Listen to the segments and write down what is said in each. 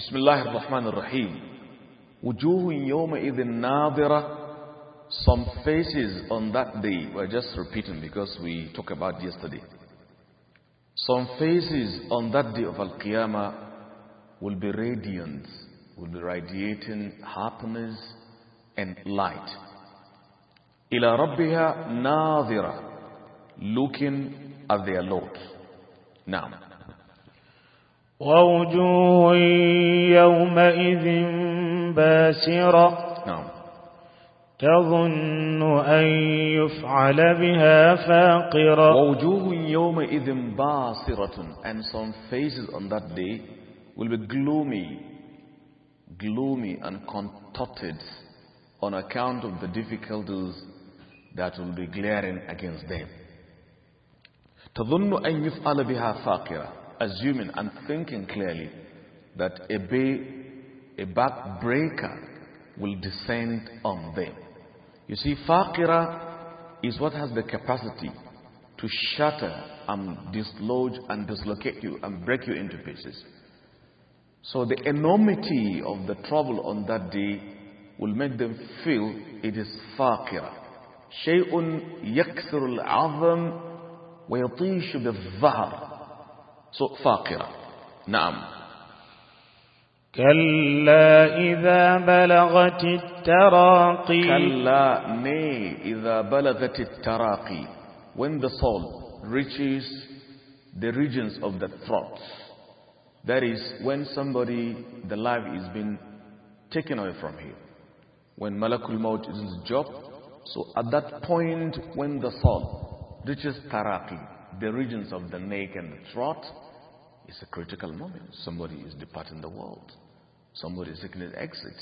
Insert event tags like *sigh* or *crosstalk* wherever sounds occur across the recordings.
بسم الله الرحمن الرحيم وجوه يومئذ ناظرة Some faces on that day, we're just repeating because we talked about yesterday. Some faces on that day of Al-Qiyamah will be radiant, will be radiating happiness and light. Ilā Rabbihā Nadira, looking at their Lord. Now, ووجوه يومئذ باسرة نعم تظن أن يفعل بها فاقرة ووجوه يومئذ باسرة and some faces on that day will be gloomy gloomy and contorted on account of the difficulties that will be glaring against them تظن أن يفعل بها فاقرة assuming and thinking clearly that a, ba- a backbreaker will descend on them. You see, faqira is what has the capacity to shatter and dislodge and dislocate you and break you into pieces. So the enormity of the trouble on that day will make them feel it is faqira. شيء يكسر العظم ويطيش بالظهر فاقرة نعم كلا إذا بلغت التراقي كلا nay إذا بلغت التراقي when the soul reaches the regions of the throat that is when somebody the life is being taken away from him when malakul maut is in his job so at that point when the soul reaches taraqi the regions of the neck and the throat, is a critical moment. Somebody is departing the world. Somebody is taking an exit.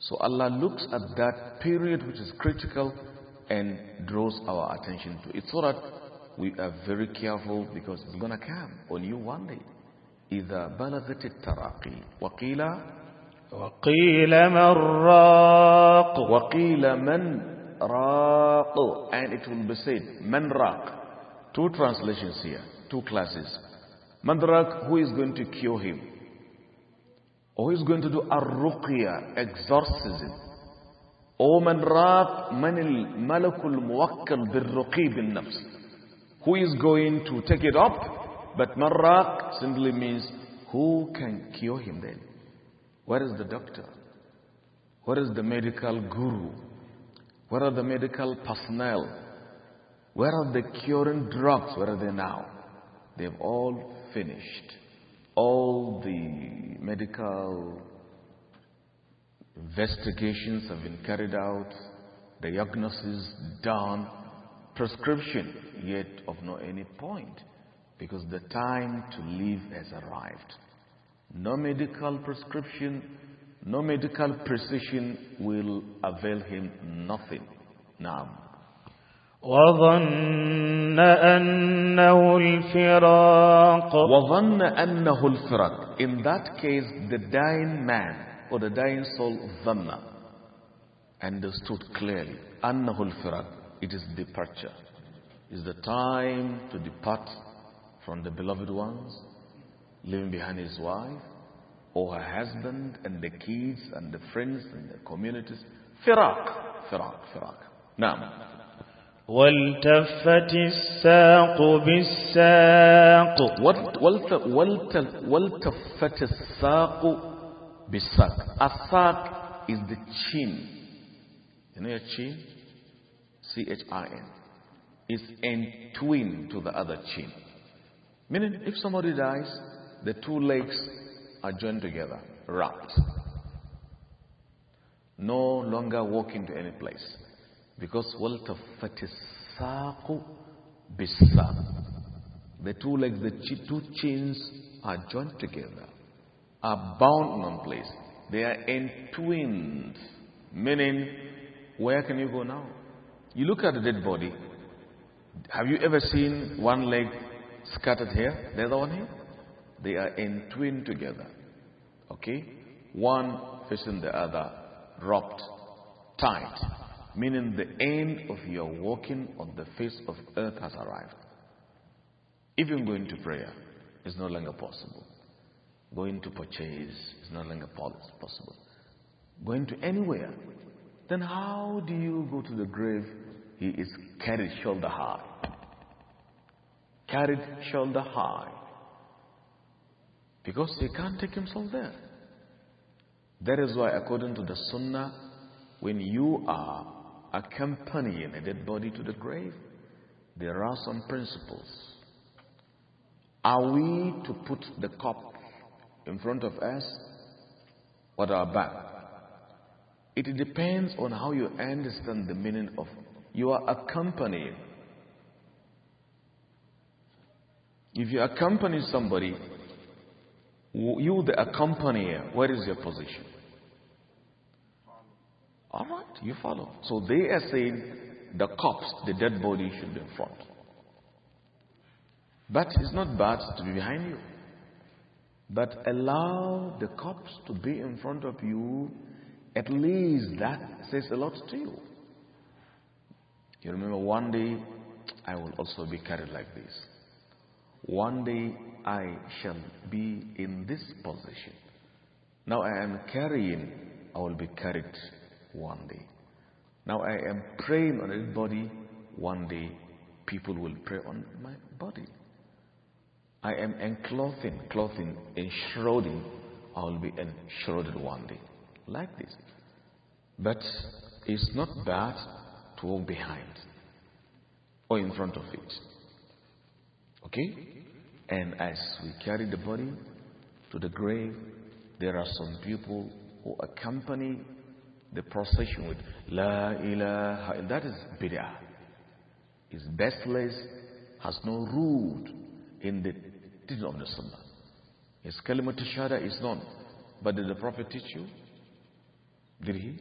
So Allah looks at that period which is critical and draws our attention to it so that we are very careful because it's going to come on you one day. إذا بلغت التراقي وقيل وقيل من راق وقيل من راق and it will be said من راق Two translations here, two classes. Mandrak, who is going to cure him? Or who is going to do arruqya, exorcism? Or mandrak, manil malakul muwakkal birruqi bin nafs. Who is going to take it up? But mandrak simply means who can cure him then? Where is the doctor? Where is the medical guru? Where are the medical personnel? Where are the curing drugs? Where are they now? They've all finished. All the medical investigations have been carried out, diagnosis done, prescription yet of no any point because the time to live has arrived. No medical prescription, no medical precision will avail him nothing. Now, وظن أنه الفراق وظن أنه الفراق In that case, the dying man or the dying soul, ظن, understood clearly. أنه الفراق It is departure. It is the time to depart from the beloved ones, leaving behind his wife or her husband and the kids and the friends and the communities. Firaq, firaq, firaq. Now, والتفت الساق بالساق والتفت الساق بالساق الساق is the chin you know your chin C-H-I-N is entwined to the other chin meaning if somebody dies the two legs are joined together wrapped no longer walking to any place because وَالْتَفَّتِ السَّاقُ بِالسَّاقُ The two legs, the two chains are joined together, are bound in one place. They are entwined, meaning where can you go now? You look at a dead body. Have you ever seen one leg scattered here, the other one here? They are entwined together. Okay? One facing the other, wrapped tight meaning the end of your walking on the face of earth has arrived. Even going to prayer is no longer possible. Going to purchase is no longer possible. Going to anywhere. Then how do you go to the grave? He is carried shoulder high. Carried shoulder high. Because he can't take himself there. That is why, according to the Sunnah, when you are accompanying a dead body to the grave, there are some principles. Are we to put the cup in front of us or our back? It depends on how you understand the meaning of you are accompanying. If you accompany somebody, you the accompanier, where is your position? All right, you follow. So they are saying the corpse, the dead body should be in front. But it's not bad to be behind you. But allow the corpse to be in front of you. At least that says a lot to you. You remember one day I will also be carried like this. One day I shall be in this position. Now I am carrying, I will be carried one day. Now I am praying on everybody, one day people will pray on my body. I am enclothing, clothing, enshrouding. I will be enshrouded one day. Like this. But it's not bad to walk behind or in front of it. Okay? And as we carry the body to the grave, there are some people who accompany the procession with La ilaha. And that is bid'ah. It's baseless, has no root in the teaching of the Sunnah. His kalimat shahada is not. But did the Prophet teach you? Did he?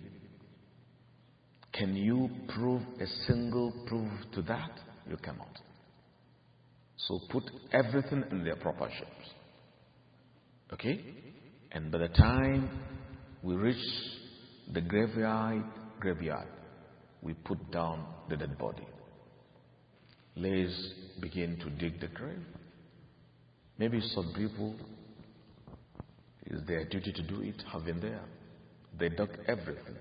Can you prove a single proof to that? You cannot. So put everything in their proper shapes. Okay? And by the time we reach the graveyard, graveyard, we put down the dead body. Let's begin to dig the grave. Maybe some people, it's their duty to do it, have been there. They dug everything.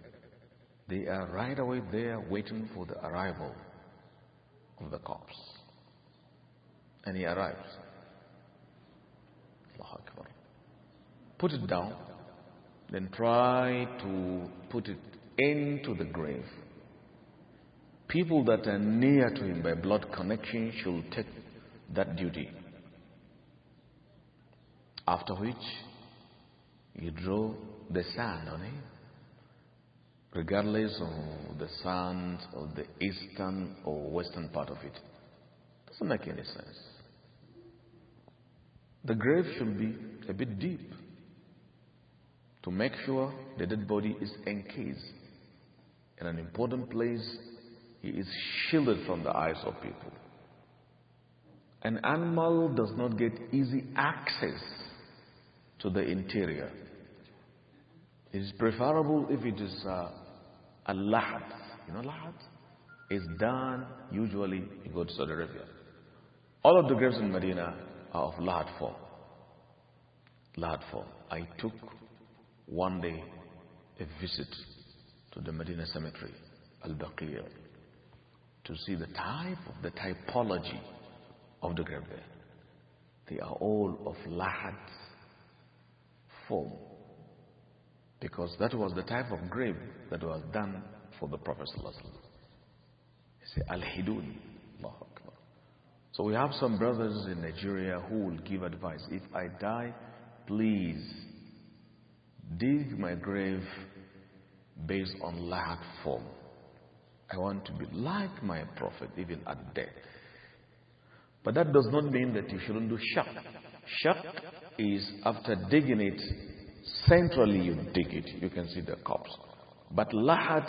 They are right away there waiting for the arrival of the corpse. And he arrives. Put it down then try to put it into the grave. People that are near to him by blood connection should take that duty. After which, you draw the sand on him, regardless of the sand of the eastern or western part of it. Doesn't make any sense. The grave should be a bit deep to make sure the dead body is encased in an important place. He is shielded from the eyes of people. An animal does not get easy access to the interior. It is preferable if it is uh, a lahad. You know, lahad is done usually in go to Saudi Arabia. All of the graves in Medina are of lahad form. Lahad form. I took one day a visit to the Medina Cemetery, Al Baqir, to see the type of the typology of the grave there. They are all of Lahad form because that was the type of grave that was done for the Prophet. He said, Al Hidun. So we have some brothers in Nigeria who will give advice. If I die, please dig my grave based on lack form. I want to be like my prophet even at death. But that does not mean that you shouldn't do shak. Shak is after digging it, centrally you dig it, you can see the corpse. But lahat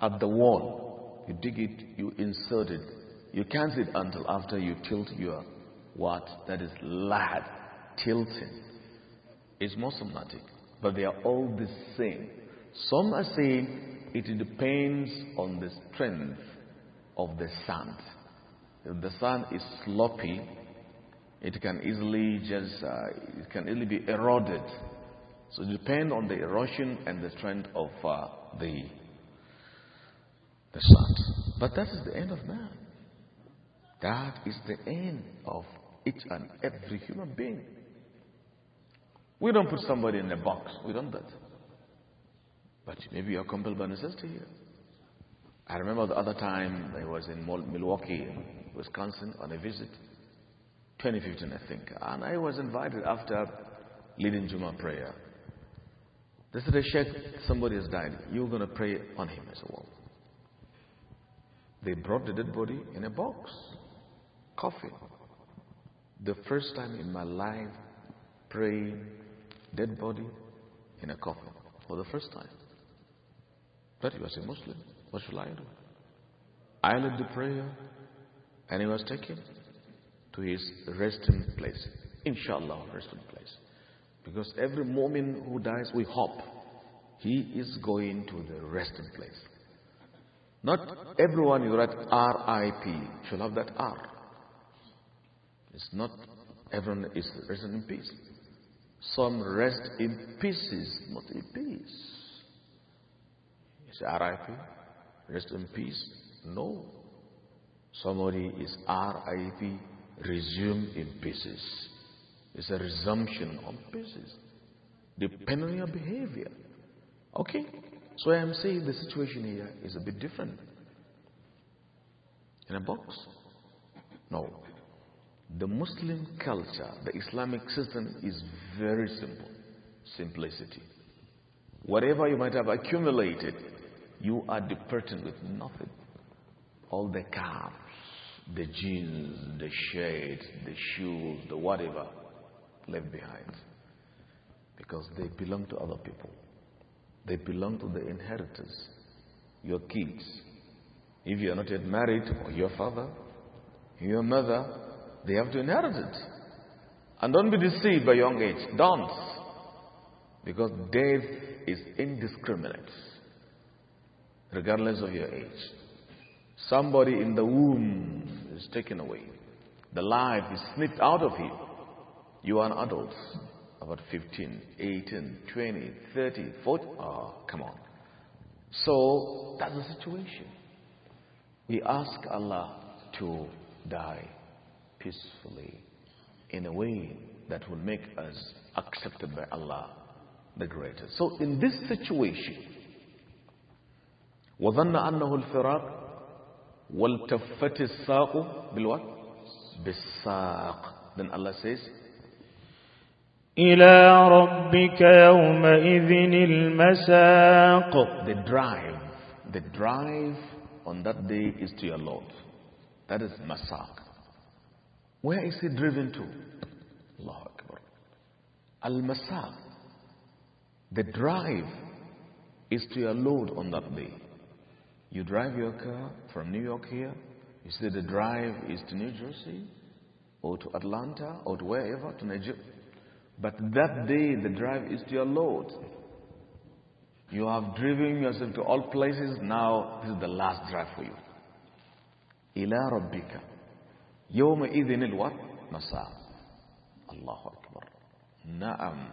at the wall, you dig it, you insert it, you can't see it until after you tilt your what? That is lahat, tilting. It's more somatic but they are all the same. Some are saying it depends on the strength of the sand. If the sand is sloppy, it can easily just uh, it can easily be eroded. So it depends on the erosion and the strength of uh, the the sand. But that is the end of man. That is the end of each and every human being. We don't put somebody in a box. We don't that. But maybe you're compelled by necessity here. I remember the other time I was in Milwaukee, Wisconsin, on a visit, 2015, I think, and I was invited after leading Juma prayer. They said, Sheikh, somebody has died. You're going to pray on him. as said, Well, they brought the dead body in a box, coffin. The first time in my life, praying dead body in a coffin for the first time. But he was a Muslim. What shall I do? I led the prayer and he was taken to his resting place. Inshallah, resting place. Because every moment who dies, we hope he is going to the resting place. Not everyone you write R.I.P. should have that R. It's not everyone is resting in peace. Some rest in pieces, not in peace. Is say, R.I.P., rest in peace? No. Somebody is R.I.P., resume in pieces. It's a resumption of pieces, depending on your behavior. Okay? So I am saying the situation here is a bit different. In a box? No. The Muslim culture, the Islamic system is very simple simplicity. Whatever you might have accumulated, you are departing with nothing. All the caps, the jeans, the shades, the shoes, the whatever left behind. Because they belong to other people, they belong to the inheritors, your kids. If you are not yet married, or your father, your mother, they have to inherit it. And don't be deceived by young age. Don't. Because death is indiscriminate, regardless of your age. Somebody in the womb is taken away. The life is snipped out of him. You are an adult, about 15, 18, 20, 30, 40. Oh, come on. So that's the situation. We ask Allah to die peacefully in a way that will make us accepted by Allah the Greater. So in this situation, وظن أنه الفراق والتفت الساق بالوات بالساق then Allah says إلى ربك يومئذ المساق the drive the drive on that day is to your Lord that is masaq. Where is he driven to? Akbar. al Masab. the drive is to your Lord on that day. You drive your car from New York here. You say the drive is to New Jersey or to Atlanta or to wherever, to Nigeria. But that day the drive is to your Lord. You have driven yourself to all places. Now this is the last drive for you. Ila Rabbika. يوم إذن الور مساء الله أكبر نعم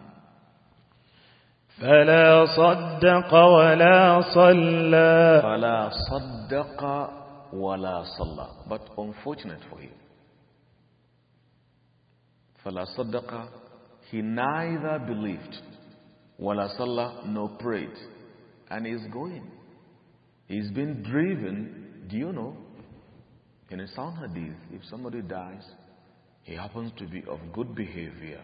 فلا صدق ولا صلى فلا صدق ولا صلى but unfortunate for him فلا صدق he neither believed ولا صلى no prayed and he's going he's been driven do you know in a sound hadith, if somebody dies, he happens to be of good behavior,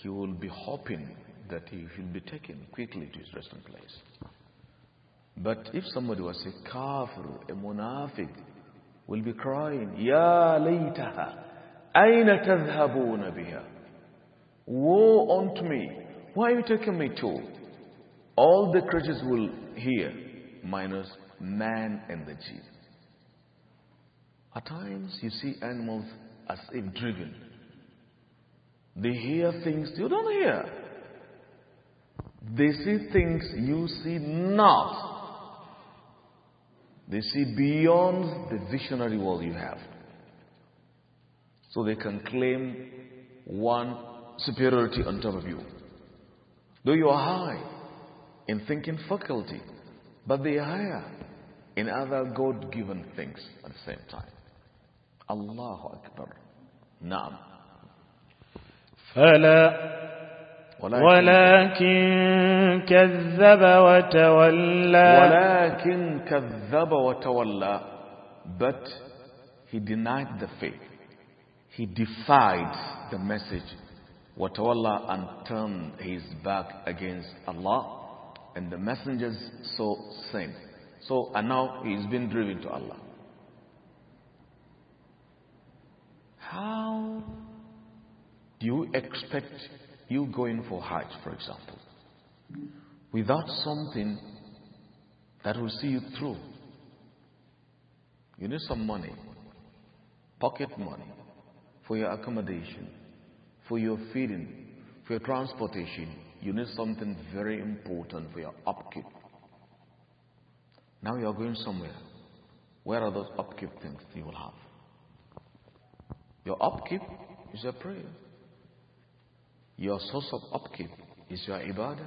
he will be hoping that he should be taken quickly to his resting place. But if somebody was a kafir, a munafiq, will be crying, Ya laytaha, aina tadhhabuna biha. Woe unto me, why are you taking me to? All the creatures will hear, minus man and the jinn. At times you see animals as if driven. They hear things you don't hear. They see things you see not. They see beyond the visionary world you have. So they can claim one superiority on top of you. Though you are high in thinking faculty, but they are higher in other God given things at the same time. الله أكبر نعم فلا ولكن, ولكن كذب وتولى ولكن كذب وتولى but he denied the faith he defied the message وتولى and turned his back against Allah and the messengers saw same so and now he is being driven to Allah How do you expect you going for Hajj, for example, without something that will see you through? You need some money, pocket money, for your accommodation, for your feeding, for your transportation. You need something very important for your upkeep. Now you are going somewhere. Where are those upkeep things you will have? Your upkeep is your prayer. Your source of upkeep is your ibadah,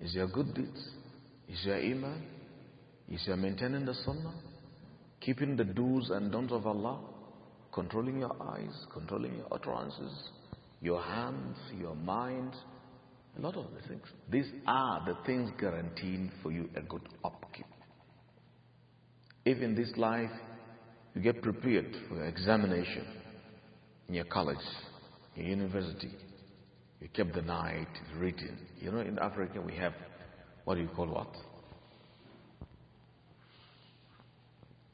is your good deeds, is your iman, is your maintaining the sunnah, keeping the do's and don'ts of Allah, controlling your eyes, controlling your utterances, your hands, your mind, a lot of the things. These are the things guaranteeing for you a good upkeep. If in this life you get prepared for your examination, in your college, your university. You kept the night reading. You know, in Africa we have what do you call what?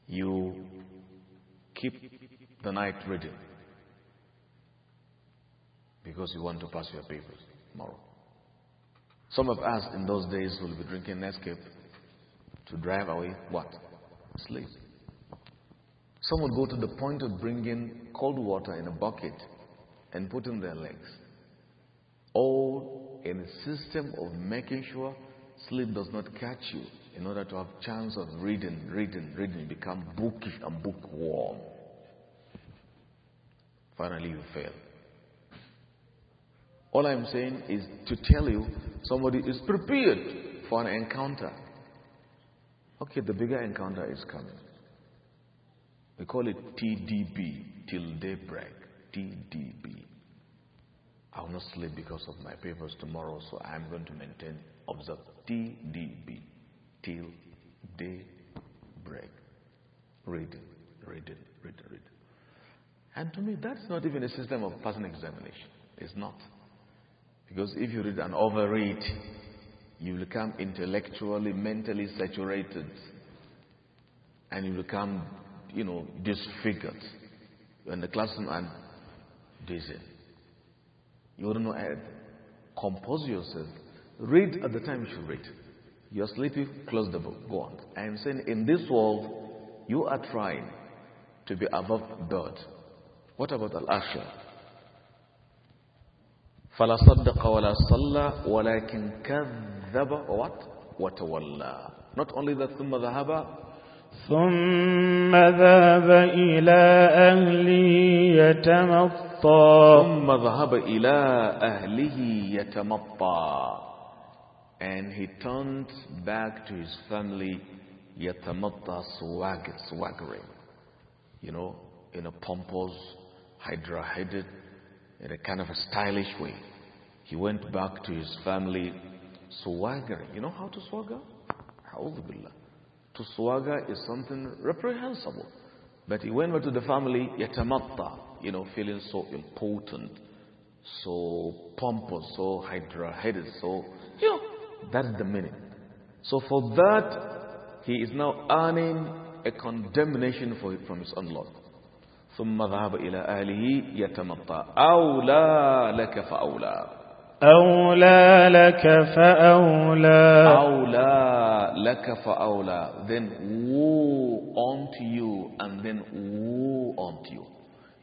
You keep the night reading because you want to pass your papers tomorrow. Some of us in those days will be drinking Nescafe to drive away what? Sleep. Some would go to the point of bringing cold water in a bucket and putting their legs. All in a system of making sure sleep does not catch you in order to have chance of reading, reading, reading, become bookish and bookworm. Finally, you fail. All I'm saying is to tell you somebody is prepared for an encounter. Okay, the bigger encounter is coming. They call it TDB, till daybreak. TDB. I will not sleep because of my papers tomorrow, so I am going to maintain, observe TDB, till daybreak. Reading, reading, reading, reading. And to me, that's not even a system of passing examination. It's not. Because if you read and overread, you become intellectually, mentally saturated, and you become you know, disfigured. You're in the classroom and dizzy. You do not know to eh, Compose yourself. Read at the time you should read. You're sleepy, close the book. Go on. I am saying in this world, you are trying to be above God. What about Al-Akhirah? فلا صدق ولا صلى ولكن كذب what? وتولى not only that ثم ذهب ثم ذهب إلى أهله يتمطى ثم ذهب إلى أهله يتمطى and he turned back to his family yatamatta swagger, swaggering you know in a pompous hydra-headed in a kind of a stylish way he went back to his family swaggering you know how to swagger Ha'udhu Billah to swagger is something reprehensible. But he went back to the family, yatamatta, you know, feeling so important, so pompous, so hydra-headed, so, you know, that's the meaning. So for that, he is now earning a condemnation for from his own Lord. ثم ذهب إلى أهله يتمطى أولى لك فأولى أولى لك فأولى أولى لك فأولى then woe unto you and then woe unto you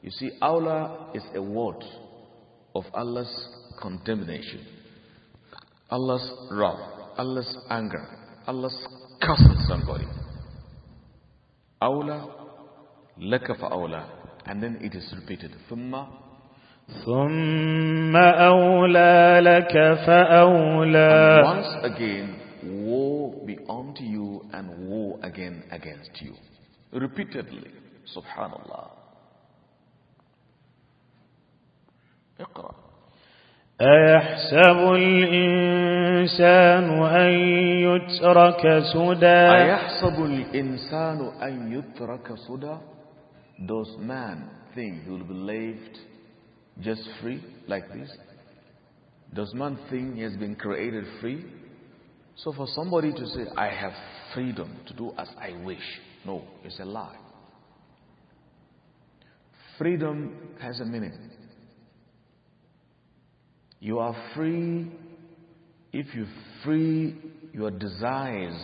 you see أولى is a word of Allah's condemnation Allah's wrath Allah's anger Allah's cursing somebody أولى لك فأولى and then it is repeated ثم ثم أولى لك فأولى and once again woe be unto you and woe again against you repeatedly subhanallah اقرأ أيحسب الإنسان أن يترك سدى أيحسب الإنسان أن يترك سدى Does man think he will be left just free like this? Does man think he has been created free? So for somebody to say, I have freedom to do as I wish, no, it's a lie. Freedom has a meaning. You are free if you free your desires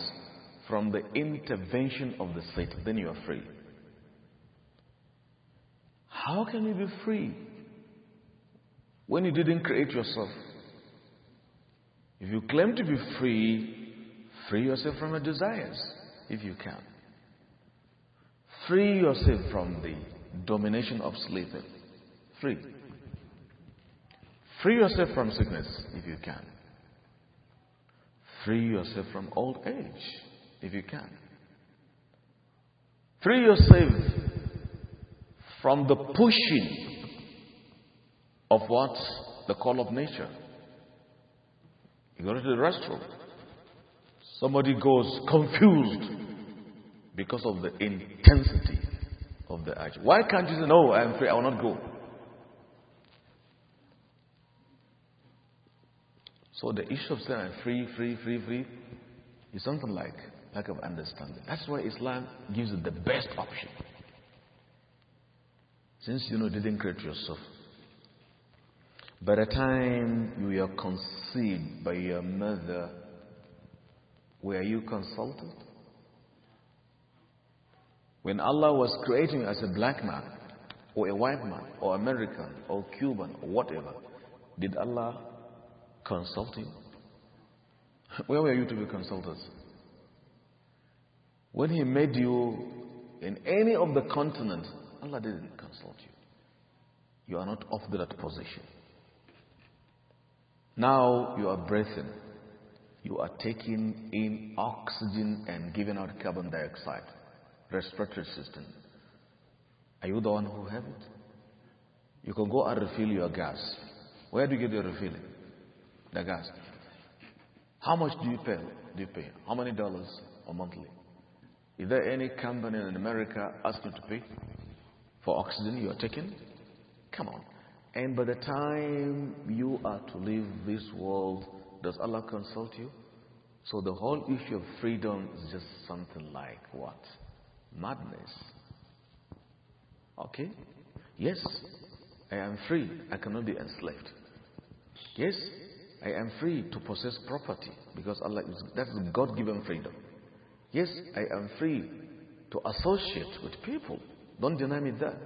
from the intervention of the state, then you are free. How can you be free when you didn't create yourself. If you claim to be free, free yourself from your desires if you can. Free yourself from the domination of sleeping. Free. Free yourself from sickness if you can. Free yourself from old age if you can. Free yourself from the pushing of what? The call of nature. You go to the restroom. Somebody goes confused because of the intensity of the urge. Why can't you say, No, I'm afraid I will not go? So the issue of saying free, free, free, free is something like lack of understanding. That's why Islam gives you the best option. Since you know didn't create yourself, by the time you were conceived by your mother, were you consulted? When Allah was creating as a black man, or a white man, or American, or Cuban, or whatever, did Allah consult him? *laughs* Where were you to be consulted? When He made you in any of the continents, Allah didn't consult you. You are not of that position. Now you are breathing. You are taking in oxygen and giving out carbon dioxide. Respiratory system. Are you the one who have it? You can go and refill your gas. Where do you get your refilling? The gas. How much do you pay? Do you pay? How many dollars a monthly? Is there any company in America asking to pay for oxygen you are taking? Come on. And by the time you are to leave this world, does Allah consult you? So the whole issue of freedom is just something like what? Madness. Okay? Yes, I am free. I cannot be enslaved. Yes, I am free to possess property because Allah is, that's God given freedom. Yes, I am free to associate with people. Don't deny me that.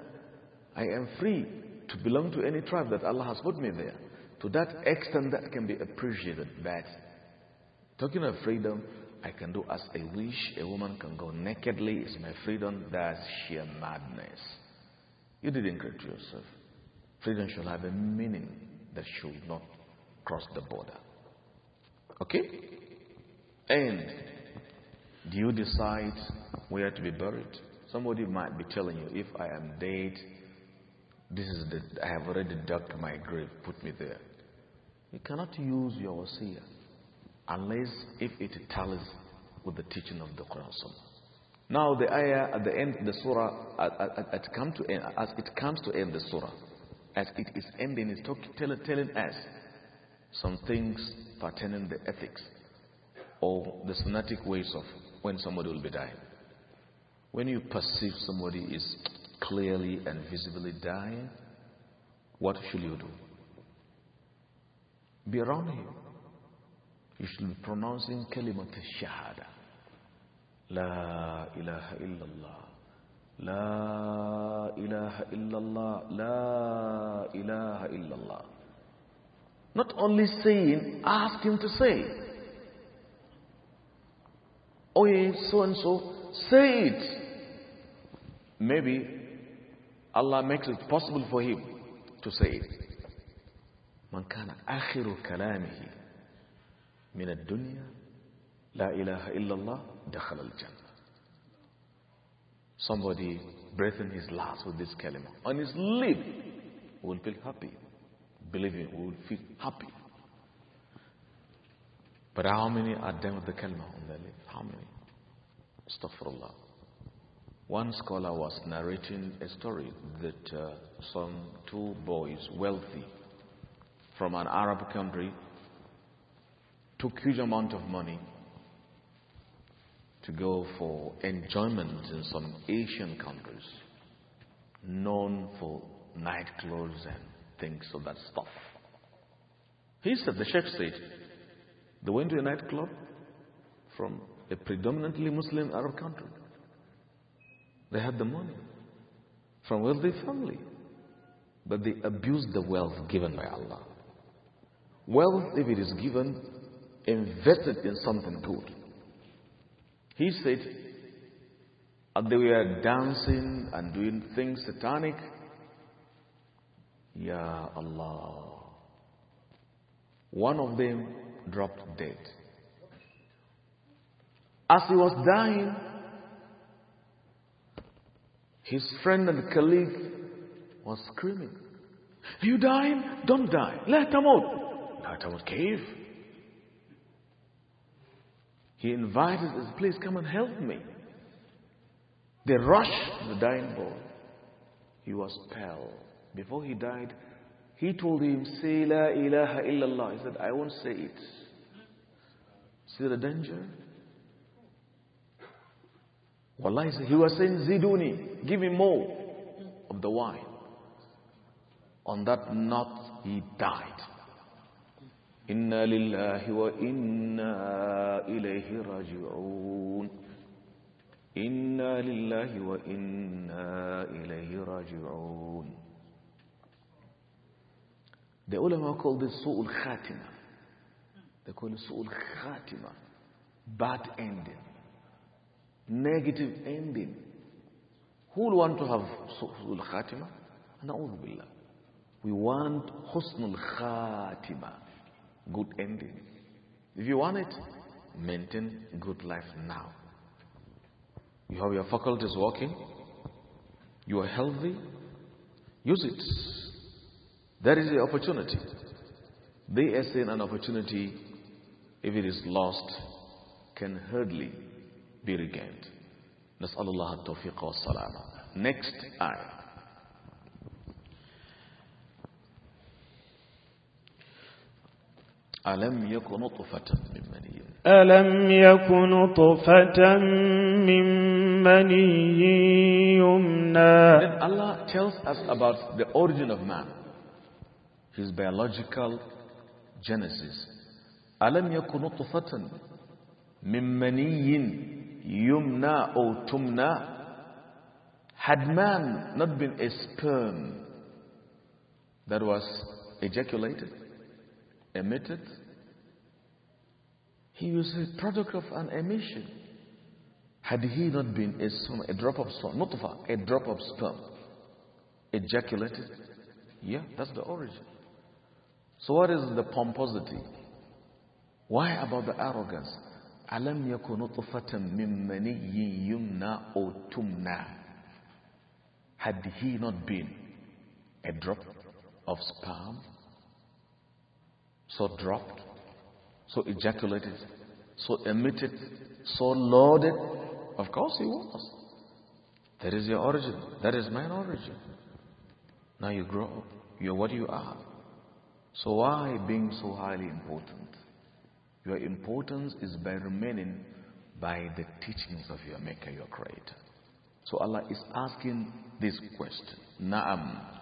I am free to belong to any tribe that Allah has put me there. To that extent, that can be appreciated. But talking of freedom, I can do as I wish. A woman can go nakedly. It's my freedom. That's sheer madness. You didn't create yourself. Freedom should have a meaning that should not cross the border. Okay? And do you decide where to be buried? Somebody might be telling you, if I am dead, this is the, I have already dug my grave, put me there. You cannot use your wasiyah unless if it tallies with the teaching of the Quran. Now the ayah at the end, the surah, at, come to end, as it comes to end the surah, as it is ending, it's talk, tell, telling us some things pertaining the ethics or the sunnatic ways of when somebody will be dying. When you perceive somebody is clearly and visibly dying, what should you do? Be around him. You should be pronouncing kalimat shahada. La ilaha illallah. La ilaha illallah. La ilaha illallah. Not only saying, ask him to say. Oh, so and so, say it. Maybe Allah makes it possible for him to say it. من كان آخر كلامه من الدنيا لا إله إلا الله دخل الجنة. Somebody breathing his last with this kalima on his lip will feel happy. Believing will feel happy. But how many are done with the kalima on their lip? How many? Astaghfirullah. One scholar was narrating a story that uh, some two boys, wealthy, from an Arab country, took huge amount of money to go for enjoyment in some Asian countries, known for nightclubs and things of that stuff. He said, the sheikh said, they went to a nightclub from a predominantly Muslim Arab country. They had the money from wealthy family. But they abused the wealth given by Allah. Wealth, if it is given, invested in something good. He said, they were dancing and doing things satanic. Ya Allah. One of them dropped dead. As he was dying, his friend and colleague was screaming, You dying? Don't die. Let out. tamut. La not cave. He invited us, Please come and help me. They rushed the dying boy. He was pale. Before he died, he told him, Say La ilaha illallah. He said, I won't say it. See the danger? Wallahi, he was saying, Ziduni, give me more of the wine. On that night, he died. Inna lillahi wa inna ilayhi raji'un. Inna lillahi wa inna ilayhi raji'un. The ulama call this su'ul khatima. They call it su'ul khatima. Bad ending negative ending. Who will want to have Su'ul Khatima? Na'udhu Billah. We want Husnul Khatima, good ending. If you want it, maintain good life now. You have your faculties working, you are healthy, use it. That is the opportunity. They are an opportunity, if it is lost, can hardly be regained. نسأل الله التوفيق والسلامة. Next ayah. ألم يك نطفة من مني ألم يك نطفة من مني يمنى Then Allah tells us about the origin of man his biological genesis ألم يك نطفة من مني Yumna or Tumna. Had man not been a sperm that was ejaculated, emitted, he was a product of an emission. Had he not been a, sperm, a drop of sperm, not a drop of sperm, ejaculated, yeah, that's the origin. So, what is the pomposity? Why about the arrogance? had he not been a drop of sperm so dropped so ejaculated so emitted so loaded of course he was that is your origin that is my origin now you grow up you're what you are so why being so highly important your importance is by remaining by the teachings of your Maker, your Creator. So Allah is asking this question. Naam.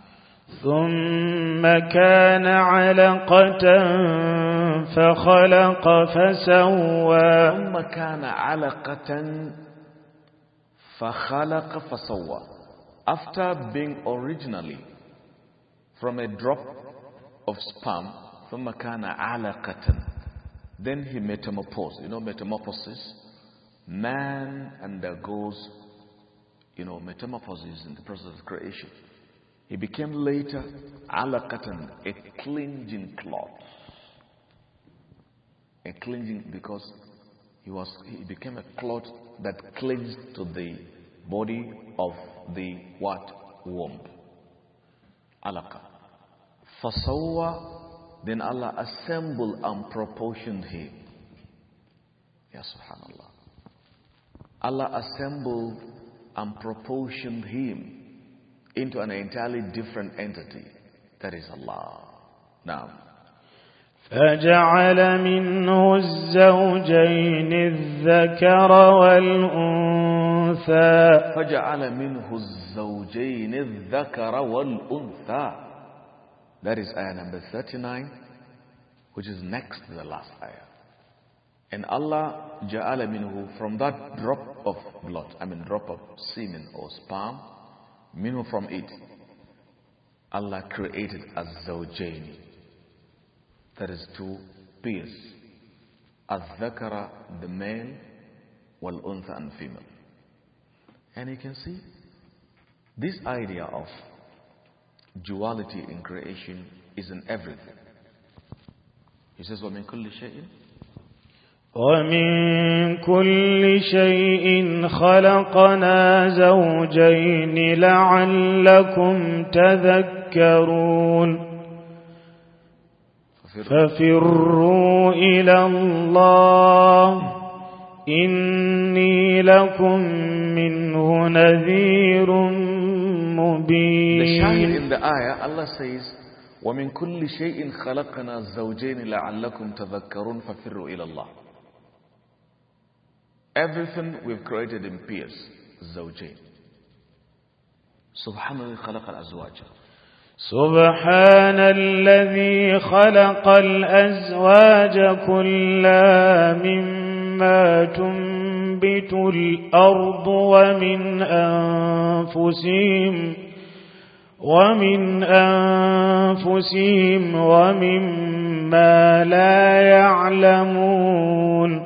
ثم كان علقة فخلق فسوى ثم كان علقة فخلق فسوى After being originally from a drop of sperm ثم كان علقة then he metamorphosed. You know metamorphosis? Man undergoes, you know, metamorphosis in the process of creation. He became later alakatan, a clinging cloth. A clinging because he was he became a cloth that clings to the body of the what womb. Alaka. Fasawa then Allah assembled and proportioned him. Yes, subhanAllah. Allah assembled and proportioned him into an entirely different entity. That is Allah. Now. فجعل منه الزوجين الذكر والأنثى فجعل منه الزوجين الذكر والأنثى that is ayah number 39, which is next to the last ayah. And Allah ja'ala minhu, from that drop of blood, I mean drop of semen or sperm, minhu from it, Allah created az-zawjayn. That is two pairs. Az-zakara, the male, wal-untha and female. And you can see this idea of duality in creation is in everything. He says, وَمِن كُلِّ شَيْءٍ ومن كل شيء خلقنا زوجين لعلكم تذكرون ففروا إلى الله إني لكم منه نذير مبين The shahid in the ayah, Allah says, وَمِن كُلِّ شَيْءٍ خَلَقْنَا الزَّوْجَيْنِ لَعَلَّكُمْ تَذَكَّرُونَ فَفِرُّوا إِلَى اللَّهِ Everything we've created in pairs, زوجين. سبحان الذي خلق الأزواج. سبحان الذي خلق الأزواج كلها مما تم تنبت الأرض ومن أنفسهم ومن أنفسهم ومما لا يعلمون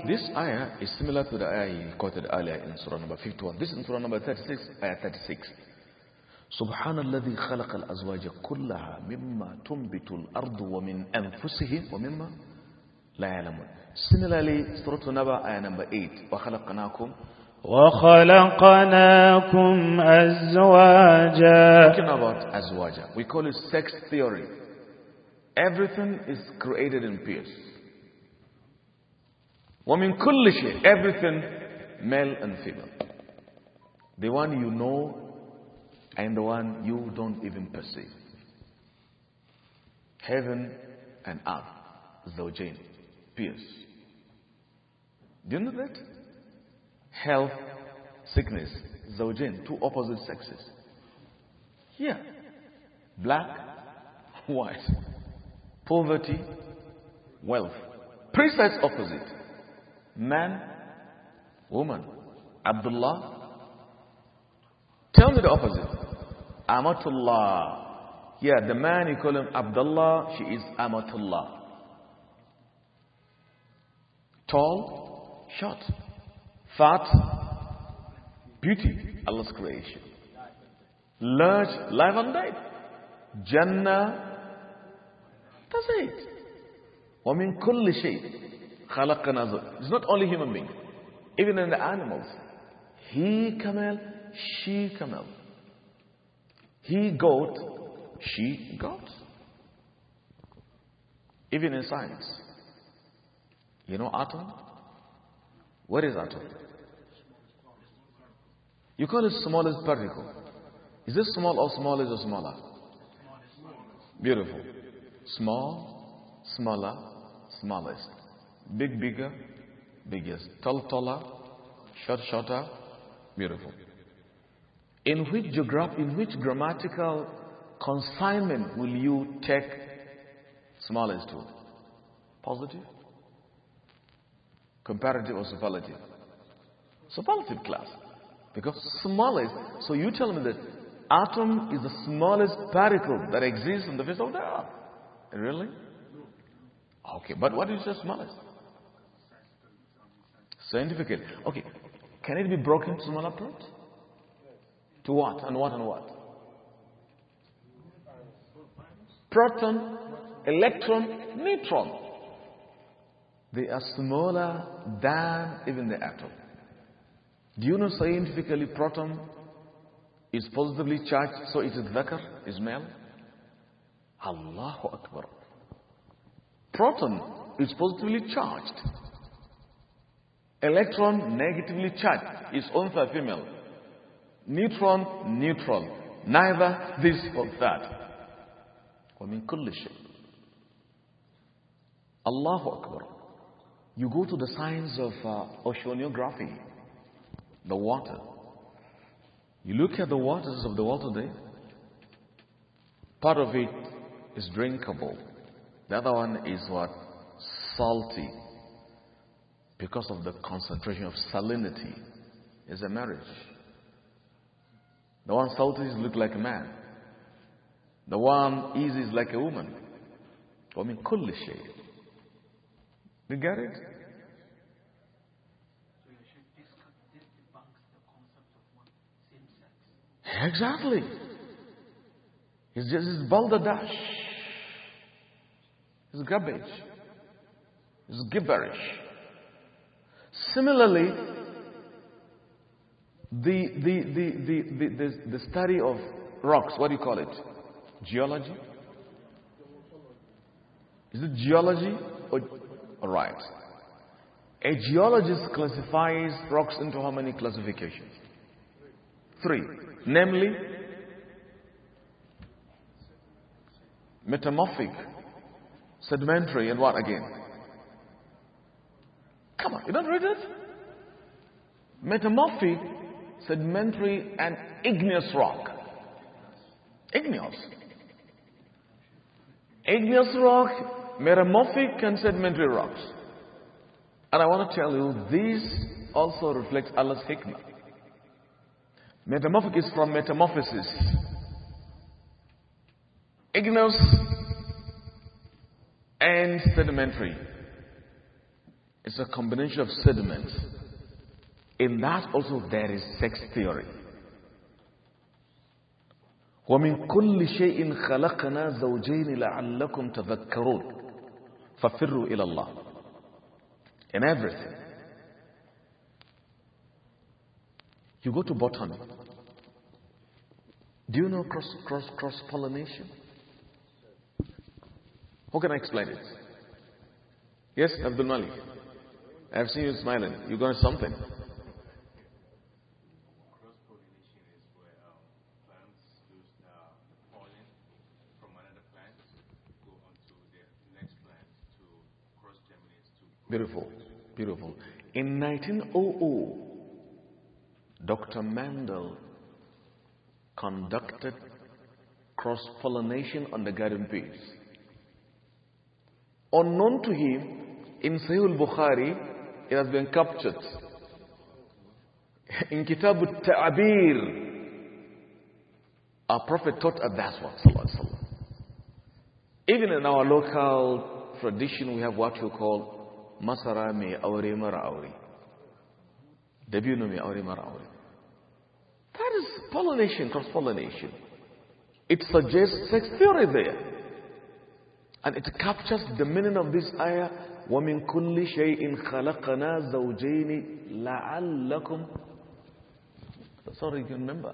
This ayah is similar to the ayah he quoted earlier in surah number 51. This is in surah number 36, ayah 36. سبحان الذي خلق الأزواج كلها مما تنبت الأرض ومن أنفسهم ومما لا يعلمون Similarly, Surah An-Naba, ayah number 8, وَخَلَقْنَاكُمْ وَخَلَقْنَاكُمْ أَزْوَاجًا Talking about azwaja, we call it sex theory. Everything is created in pairs. وَمِن كُلِّ شيء, Everything, male and female. The one you know and the one you don't even perceive. Heaven and earth, Zawjain, pairs. Do you know that? Health, sickness, zawjain, two opposite sexes. Yeah. Black, *laughs* white. Poverty, wealth. Precise opposite. Man, woman. Abdullah. Tell me the opposite. Amatullah. Yeah, the man you call him Abdullah, she is Amatullah. Tall, Short. Fat. Beauty. Allah's creation. Large. Life and death. Jannah. That's it. وَمِن كُلِّ شَيْءٍ خَلَقَنَا زَوْجَ It's not only human being. Even in the animals. He camel, she camel. He goat, she goat. Even in science. You know atom? What is atom? You call it smallest particle. Is this small or smallest or smaller? Beautiful. Small, smaller, smallest. Big, bigger, biggest. Tall, taller, short, shorter. Beautiful. In which geograph, in which grammatical consignment will you take smallest to? Positive? comparative or superlative? Superlative class. Because smallest, so you tell me that atom is the smallest particle that exists on the face of the earth. Really? Okay, but what is the smallest? Scientifically. Okay, can it be broken to smaller parts? To what and what and what? Proton, electron, neutron. They are smaller than even the atom. Do you know scientifically proton is positively charged, so it is dhakar, is male? Allahu Akbar. Proton is positively charged. Electron negatively charged is owned female. Neutron neutral. Neither this or that. ومن كل collision, Allahu akbar. You go to the science of uh, oceanography, the water. You look at the waters of the world today, part of it is drinkable, the other one is what? Salty. Because of the concentration of salinity, is a marriage. The one salty is look like a man. The one easy is like a woman. I mean, kulli shade. You get it? Exactly. It's just it's balderdash. It's garbage. It's gibberish. Similarly, the, the, the, the, the, the, study of rocks, what do you call it? Geology? Is it geology or all right. A geologist classifies rocks into how many classifications? Three. Namely, metamorphic, sedimentary, and what again? Come on, you don't read it? Metamorphic, sedimentary, and igneous rock. Igneous. Igneous rock metamorphic and sedimentary rocks. And I want to tell you, this also reflects Allah's hikmah. Metamorphic is from metamorphosis. Igneous and sedimentary. It's a combination of sediments. In that also there is sex theory. ومن كل شيء خلقنا زوجين لعلكم تذكرون فَفِرُّوا ilallah. In everything. You go to botany. Do you know cross, cross, cross pollination? How can I explain it? Yes, Abdul Malik. I've seen you smiling. You got something. Beautiful, beautiful. In 1900, Dr. Mandel conducted cross pollination on the garden peas. Unknown to him, in Sahih Bukhari, it has been captured. In Kitab al-Ta'abir, our Prophet taught us that one. Even in our local tradition, we have what we call masara mai aure mara aure dabino mai aure mara aure that is pollination cross pollination it suggests sex theory there and it captures the meaning of this ayah وَمِن كُلِّ شَيْءٍ خَلَقَنَا زَوْجَيْنِ لَعَلَّكُمْ Sorry, you remember.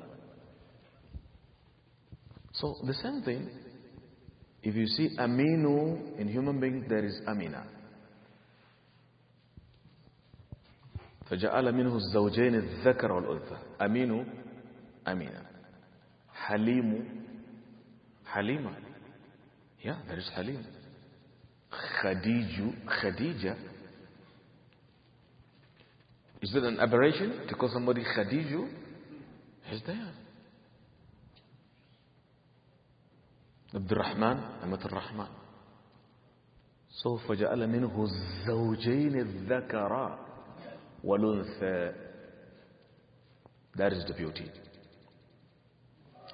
So the same thing, if you see amino in human being, there is amina. فجعل منه الزوجين الذكر والأنثى أمين أمينا حليم حليمة Yeah, there is حليم Khadiju, Khadija. Is that an aberration to call somebody Khadiju? He's there. عبد الرحمن أمة الرحمن سوف جعل منه الزوجين الذكر وَنُنْثَى That is the beauty.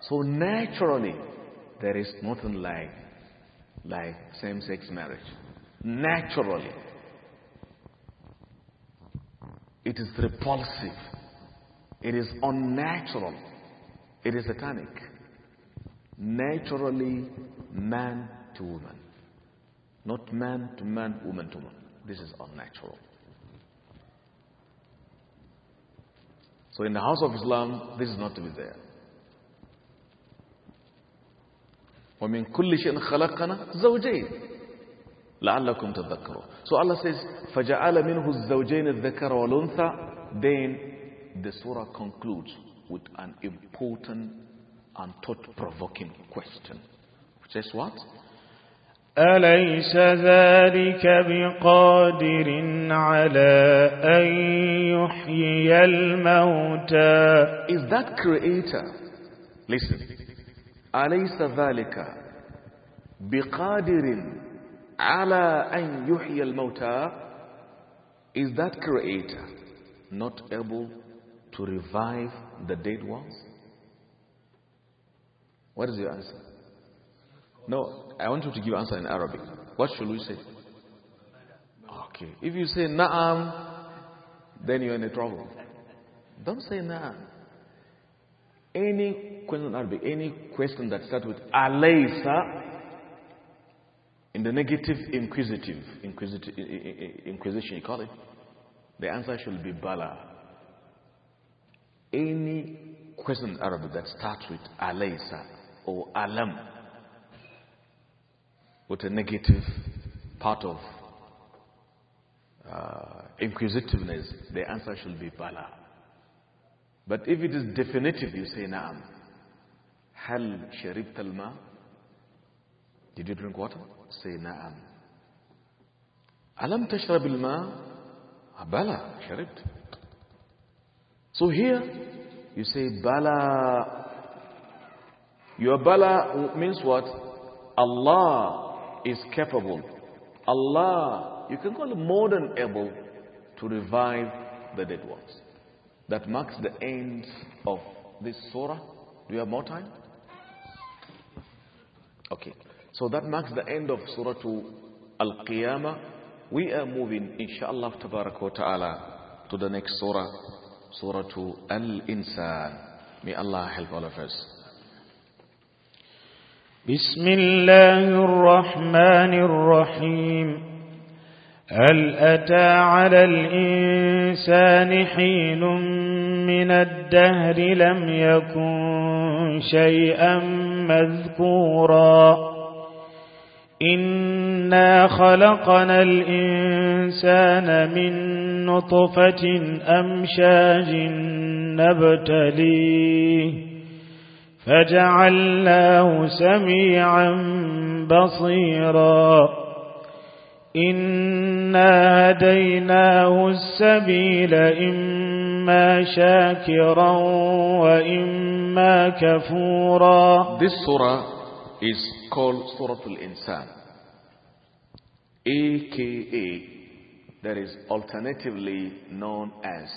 So naturally, there is nothing like, like same-sex marriage. Naturally. It is repulsive. It is unnatural. It is satanic. Naturally, man to woman. Not man to man, woman to woman. This is unnatural. So in the house of Islam, this is not to be there. وَمِن كُلِّ شَيْءٍ خَلَقَنَا زَوْجَيْنِ لَعَلَّكُمْ تَذَكَّرُونَ So Allah says, فَجَعَلَ مِنْهُ الزَّوْجَيْنِ الذَّكَرَ وَالْأُنْثَى Then the surah concludes with an important and thought-provoking question. Which is what? أليس ذلك بقادر على أن يحيي الموتى Is that creator? Listen. أليس ذلك بقادر على أن يحيي الموتى Is that creator not able to revive the dead ones? What is your answer? No. I want you to give answer in Arabic. What should we say? Okay. If you say na'am, then you're in the trouble. Don't say na'am. Any question in Arabic, any question that starts with alaysa in the negative inquisitive, inquisitive inquisition, you call it, the answer should be bala. Any question in Arabic that starts with alaysa or alam with a negative part of uh, inquisitiveness, the answer should be Bala. But if it is definitive, you say Naam. Hal sharib talma? Did you drink water? Say Naam. Alam tashrab al-ma? Ah, bala, sherif. So here, you say Bala. Your Bala means what? Allah is capable. Allah, you can call him more than able to revive the dead ones. That marks the end of this surah. Do you have more time? Okay. So that marks the end of Surah Al Qiyamah. We are moving, inshallah, ta'ala, to the next surah, Surah Al Insan. May Allah help all of us. بسم الله الرحمن الرحيم هل أتى على الإنسان حين من الدهر لم يكن شيئا مذكورا إنا خلقنا الإنسان من نطفة أمشاج نبتليه فجعلناه سميعا بصيرا إنا هديناه السبيل إما شاكرا وإما كفورا This surah is called Surah Al-Insan aka that is alternatively known as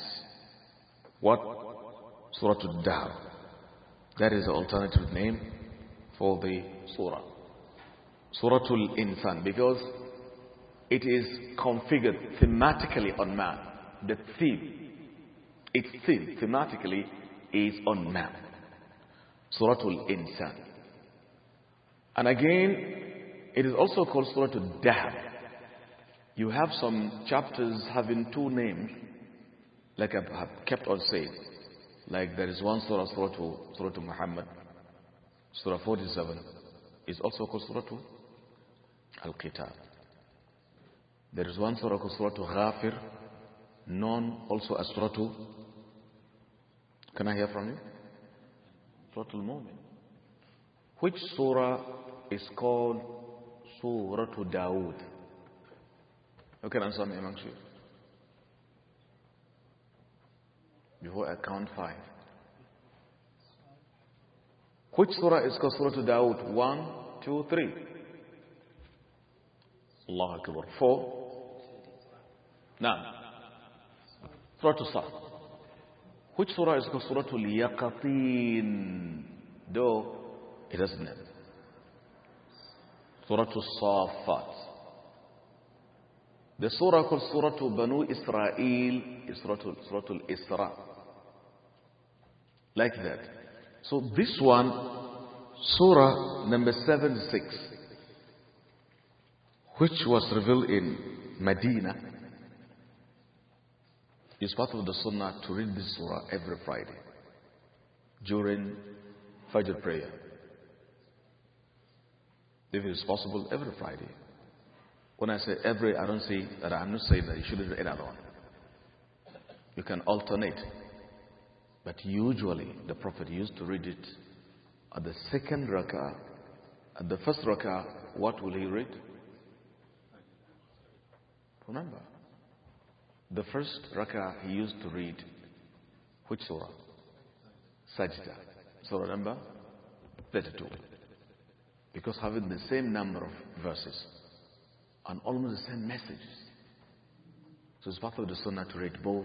what? Surah al dawah That is the alternative name for the surah. Suratul Insan, because it is configured thematically on man. The theme, its theme thematically is on man. Suratul Insan. And again, it is also called Suratul Dahab. You have some chapters having two names, like I have kept on saying. Like there is one surah, Surah to, surah to Muhammad, Surah 47, is also called Surah to Al-Qitab. There is one surah called Surah to Ghafir, known also as Surah to... Can I hear from you? Surah Al-Mu'min. Which surah is called Surah to Dawood? You can answer me amongst you. before I count five. Which surah is called Surah to Dawood? One, two, three. Allah Akbar. Four. None. Surah to Saf. Which surah is called Surah to Liyaqatin? Though it doesn't name. Surah to Safat. The surah called Surah to Banu Israel is Surah to Isra. Like that. So this one, Surah number 76, which was revealed in Medina, is part of the sunnah to read this surah every Friday during Fajr prayer. If it is possible, every Friday. When I say every, I don't say that I'm not saying that you should read another one. You can alternate but usually the Prophet used to read it at the second rak'ah. At the first rak'ah, what will he read? Remember, the first rak'ah he used to read which surah? Sajda. Surah number 32. Because having the same number of verses and almost the same messages. So it's part of the sunnah to read both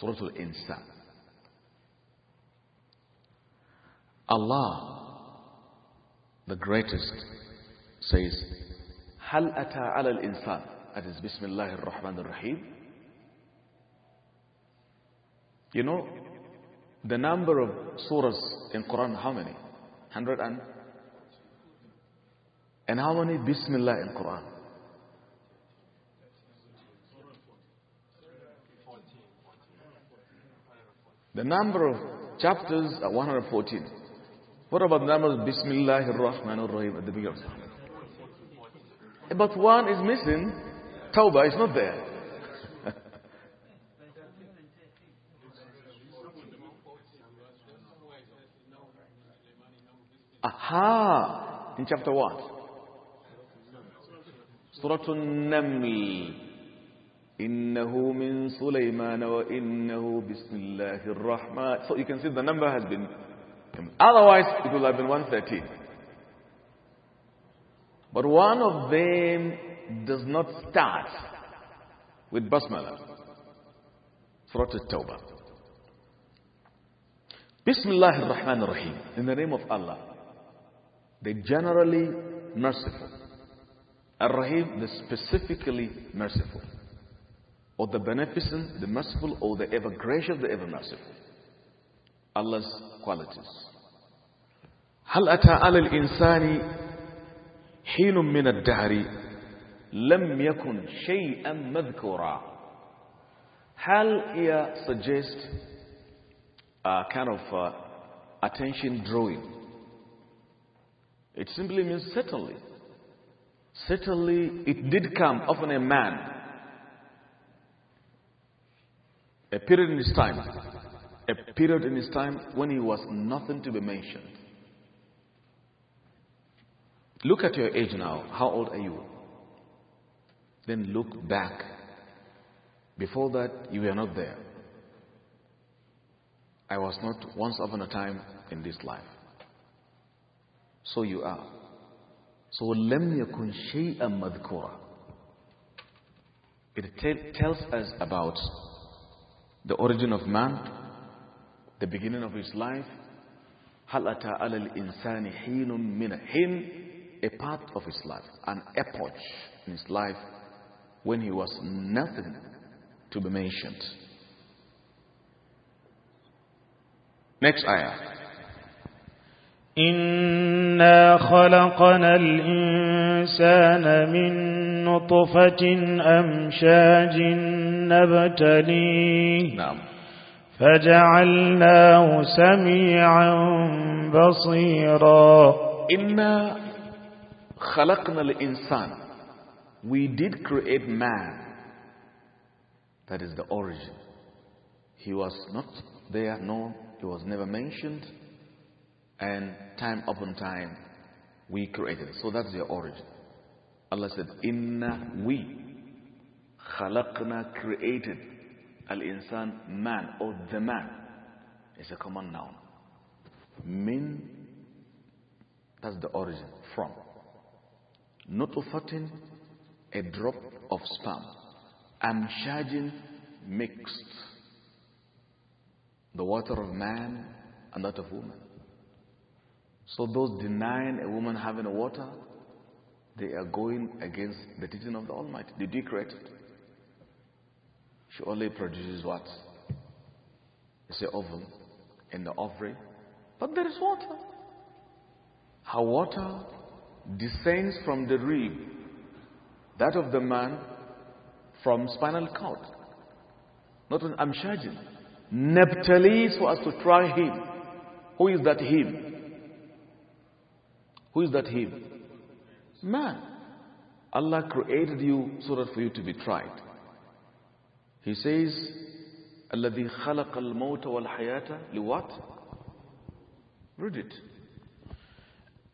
Suratul Insan. Allah, the greatest, says, هل أتى al الإنسان that is ar rahman ar rahim you know the number of surahs in Quran how many 100 and and how many Bismillah in Quran The number of chapters are 114. What about the number of Bismillah ar-Rahman ar-Rahim at the beginning of the But one is missing. Tawbah is not there. *laughs* Aha! In chapter what? Surah An-Naml. إنه من سليمان وإنه بسم الله الرحمن So you can see the number has been Otherwise it would have been 113 But one of them does not start with Basmala Surah At-Tawbah Bismillah ar-Rahman ar-Rahim In the name of Allah They generally merciful Ar-Rahim, they specifically merciful or the beneficent, the merciful, or the ever gracious, the ever merciful. Allah's qualities. هل أتى على الإنسان حين من الدهر لم يكن شيئا مذكورا هل here suggests a kind of uh, attention drawing it simply means certainly certainly it did come upon a man A period in his time, a period in his time when he was nothing to be mentioned. Look at your age now. How old are you? Then look back. Before that, you were not there. I was not once upon a time in this life. So you are. So لم يكن شيئا مذكورا. It tells us about the origin of man, the beginning of his life. halata أتى على الإنسان حين a part of his life, an epoch in his life when he was nothing to be mentioned. Next ayah. إنا خلقنا الإنسان من نطفة أمشاج نبتليه نعم فجعلناه سميعا بصيرا إنا خلقنا الإنسان We did create man That is the origin He was not there, no, he was never mentioned And time upon time, we created. So that's the origin. Allah said, Inna we khalaqna created al insan man or the man. It's a common noun. Min, that's the origin, from. Not Nutfatin, a drop of sperm. Amshajin, mixed. The water of man and that of woman. So those denying a woman having water, they are going against the teaching of the Almighty. Did you create it? She only produces what? It's an oven in the ovary, but there is water. Her water descends from the rib, that of the man from spinal cord. Not an Amshajin. is for us to try him. Who is that him? Who is that him? Man. Allah created you so that for you to be tried. He says, الذي خلق الموت والحياة لوات Read it.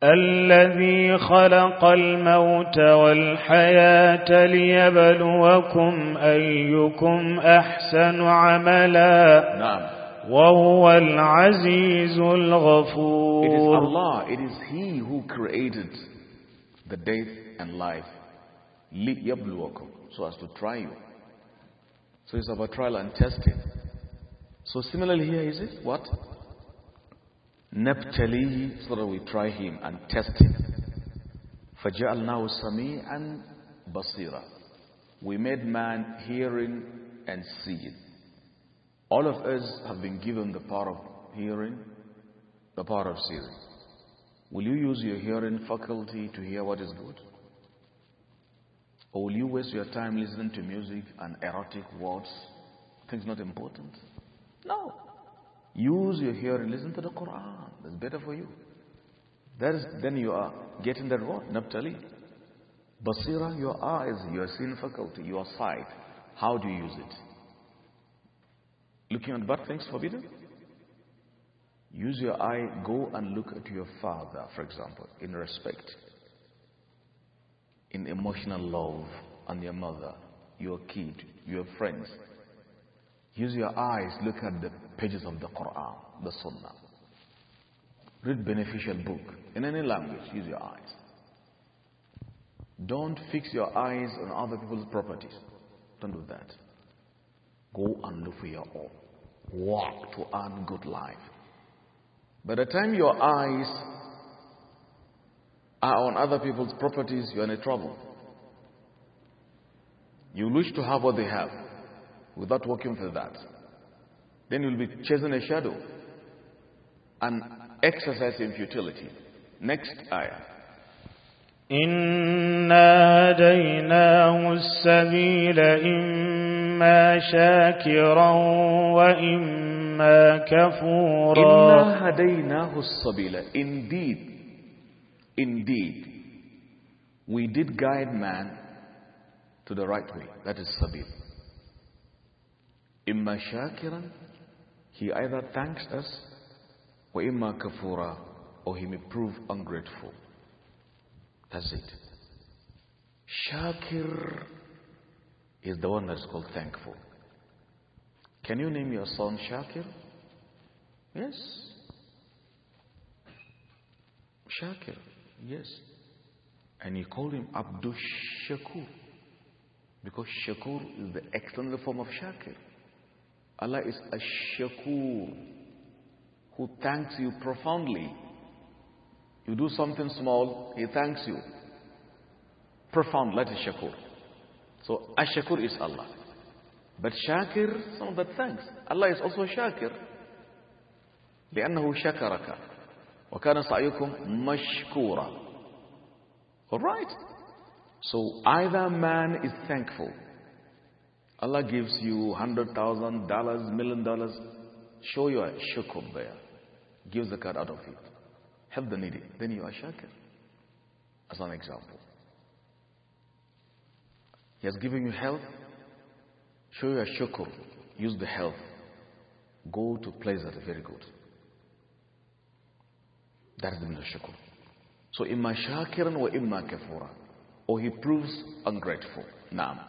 الذي خلق الموت والحياة ليبلوكم أيكم أحسن عملا نعم وهو العزيز الغفور It is Allah, it is He who created the death and life ليبلوكم so as to try you so it's about trial and testing so similarly here is it what نبتليه so that we try him and test him فجعلناه سميعا بصيرا we made man hearing and seeing all of us have been given the power of hearing, the power of seeing. Will you use your hearing faculty to hear what is good? Or will you waste your time listening to music and erotic words? Things not important? No. Use your hearing, listen to the Quran. That's better for you. That is, then you are getting the word, Naphtali. Basira, your eyes, your seeing faculty, your sight. How do you use it? Looking at bad things forbidden? Use your eye, go and look at your father, for example, in respect, in emotional love, and your mother, your kid, your friends. Use your eyes, look at the pages of the Quran, the Sunnah. Read beneficial book in any language, use your eyes. Don't fix your eyes on other people's properties. Don't do that. Go and look for your own work to earn good life. By the time your eyes are on other people's properties, you're in a trouble. You wish to have what they have without working for that. Then you'll be chasing a shadow and exercising futility. Next ayah. إنا هديناه السبيل إما شاكرا وإما كفورا إنا هديناه السبيل Indeed Indeed We did guide man to the right way That is sabil إما شاكرا He either thanks us وإما كفورا Or he may prove ungrateful That's it Shakir is the one that's called thankful. Can you name your son Shakir? Yes. Shakir, yes. And he called him Abdul Shakur. Because Shakur is the external form of Shakir. Allah is a Shakur who thanks you profoundly. You do something small, He thanks you. Profound, that is Shakur. So Ashakur is Allah. But Shakir, some of that thanks. Allah is also Shakir. لأنه شكرك وكان سعيكم مشكورا. Alright. So either man is thankful. Allah gives you hundred thousand dollars, million dollars. Show your shukur there. Give the card out of it. Help the needy. Then you are shakir. As an example. He has given you health. Show your shukr. Use the health. Go to places that very good. That is the meaning of shukr. So imma shakiran wa imma kafura. Or he proves ungrateful. Naam.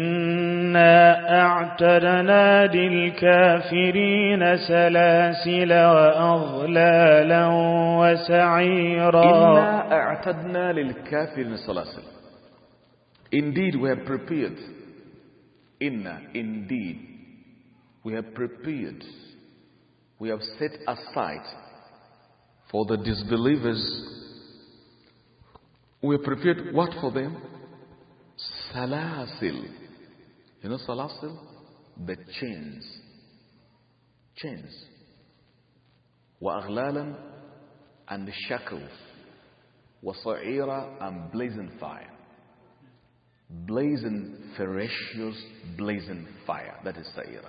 إنا أعتدنا للكافرين سلاسل وأغلالا وسعيرا إنا أعتدنا للكافرين سلاسل Indeed, we are prepared. Inna, indeed. We are prepared. We have set aside for the disbelievers. We have prepared what for them? Salasil. You know salasil? The chains. Chains. وأغلالا and the shackles وصعيرا and blazing fire blazing, ferocious, blazing fire. That is Saira.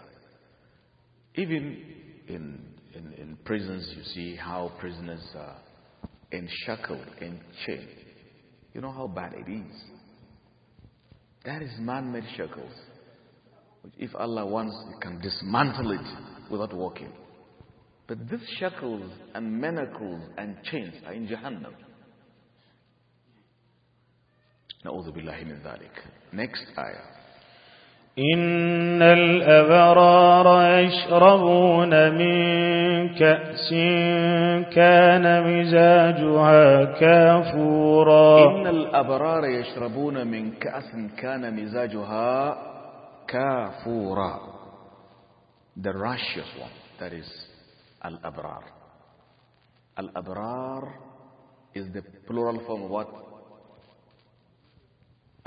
Even in, in, in prisons, you see how prisoners are enshackled and chained. You know how bad it is. That is man made shackles. If Allah wants, He can dismantle it without walking. But these shackles and manacles and chains are in Jahannam. نعوذ بالله من ذلك next ayah آية. إن الأبرار يشربون من كأس كان مزاجها كافورا إن الأبرار يشربون من كأس كان مزاجها كافورا The righteous one that is الأبرار الأبرار is the plural form of what?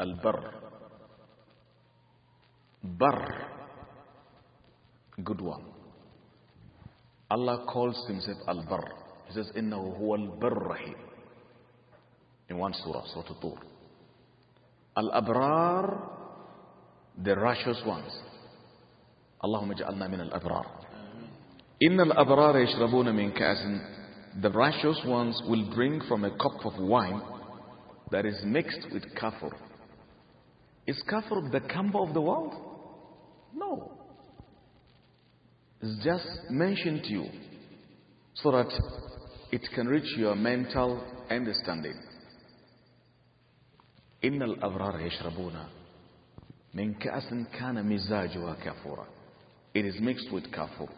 Al-Barr. Good one. Allah calls himself Al-Barr. He says, إِنَّهُ هُوَ الْبَرْ رَحِيمٌ In one surah, Surah Al-Tur. abrar the righteous ones. اللهم اجعلنا من الأبرار. إن الأبرار يشربون من كأس the righteous ones will drink from a cup of wine that is mixed with kafur, is kafir the Kamba of the world? No. It's just mentioned to you so that it can reach your mental understanding. إن الأبرار يشربون من كأس kana مزاجها كافورا. It is mixed with kafur.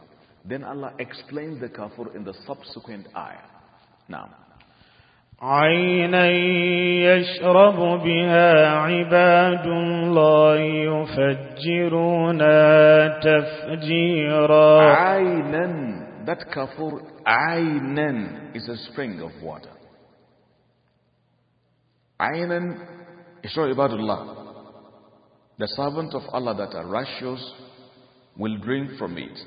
Then Allah explains the kafur in the subsequent ayah. Now, عينا يشرب بها عباد الله تفجيرا عينا that kafur عينا is a spring of water عينا يشرب عباد الله the servant of Allah that are righteous will drink from it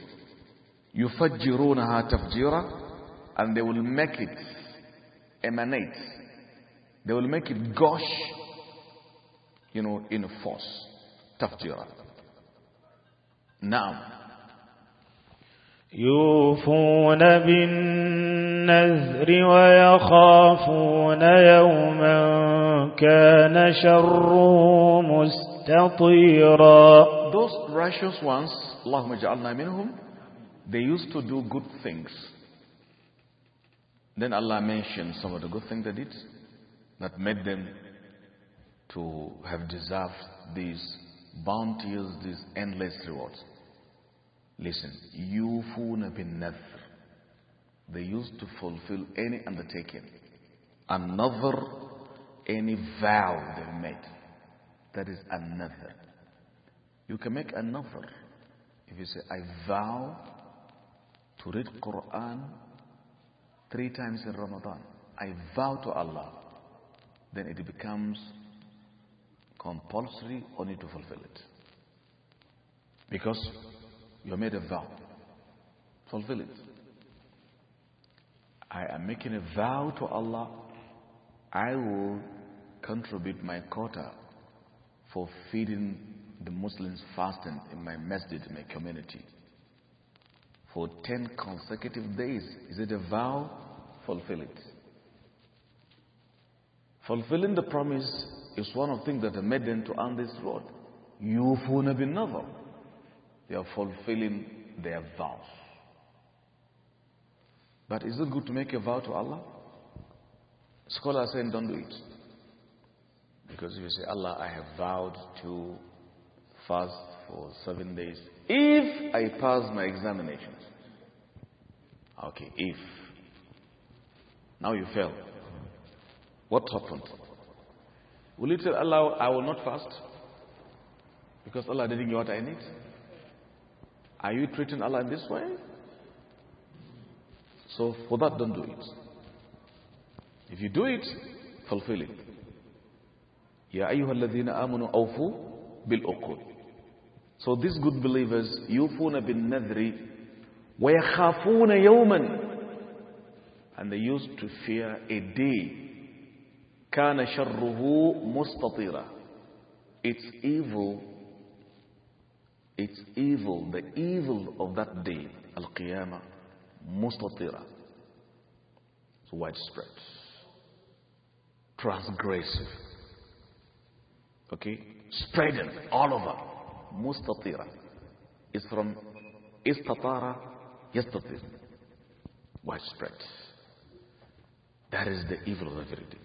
يفجرونها تفجيرا and they will make it emanate. They will make it gush, you know, in a force. Tafjira. Now. يوفون بالنذر ويخافون يوما كان شره مستطيرا Those righteous ones, اللهم اجعلنا منهم, they used to do good things. Then Allah mentioned some of the good things they did that made them to have deserved these bounties, these endless rewards. Listen, yufuna bin nadhr. They used to fulfill any undertaking. Another, any vow they made. That is another. You can make another if you say, I vow to read Quran three times in Ramadan, I vow to Allah, then it becomes compulsory on you to fulfill it. Because you made a vow. Fulfill it. I am making a vow to Allah. I will contribute my quota for feeding the Muslims fasting in my masjid, in my community for 10 consecutive days. Is it a vow? Fulfill it. Fulfilling the promise is one of the things that made them to earn this reward. Yufuna bin Nazar. They are fulfilling their vows. But is it good to make a vow to Allah? Scholars say don't do it. Because if you say, Allah, I have vowed to fast for seven days if I pass my examination. Okay, if now you fail, what happened? Will you tell Allah, I will not fast because Allah didn't give what I need? Are you treating Allah in this way? So for that, don't do it. If you do it, fulfill it. Ya ayyuha الذين آمنوا أوفوا بالأقود. So these good believers, يوفون بالنذر وَيَخَافُونَ يَوْمًا And they used to fear a day. كَانَ شَرُّهُ مُسْتَطِيرًا It's evil, it's evil, the evil of that day, Al-Qiyamah, مُسْتَطِيرًا It's widespread, transgressive, okay, spreading all over, مُسْتَطِيرًا It's from istatara yesterday, widespread. That is the evil of every day.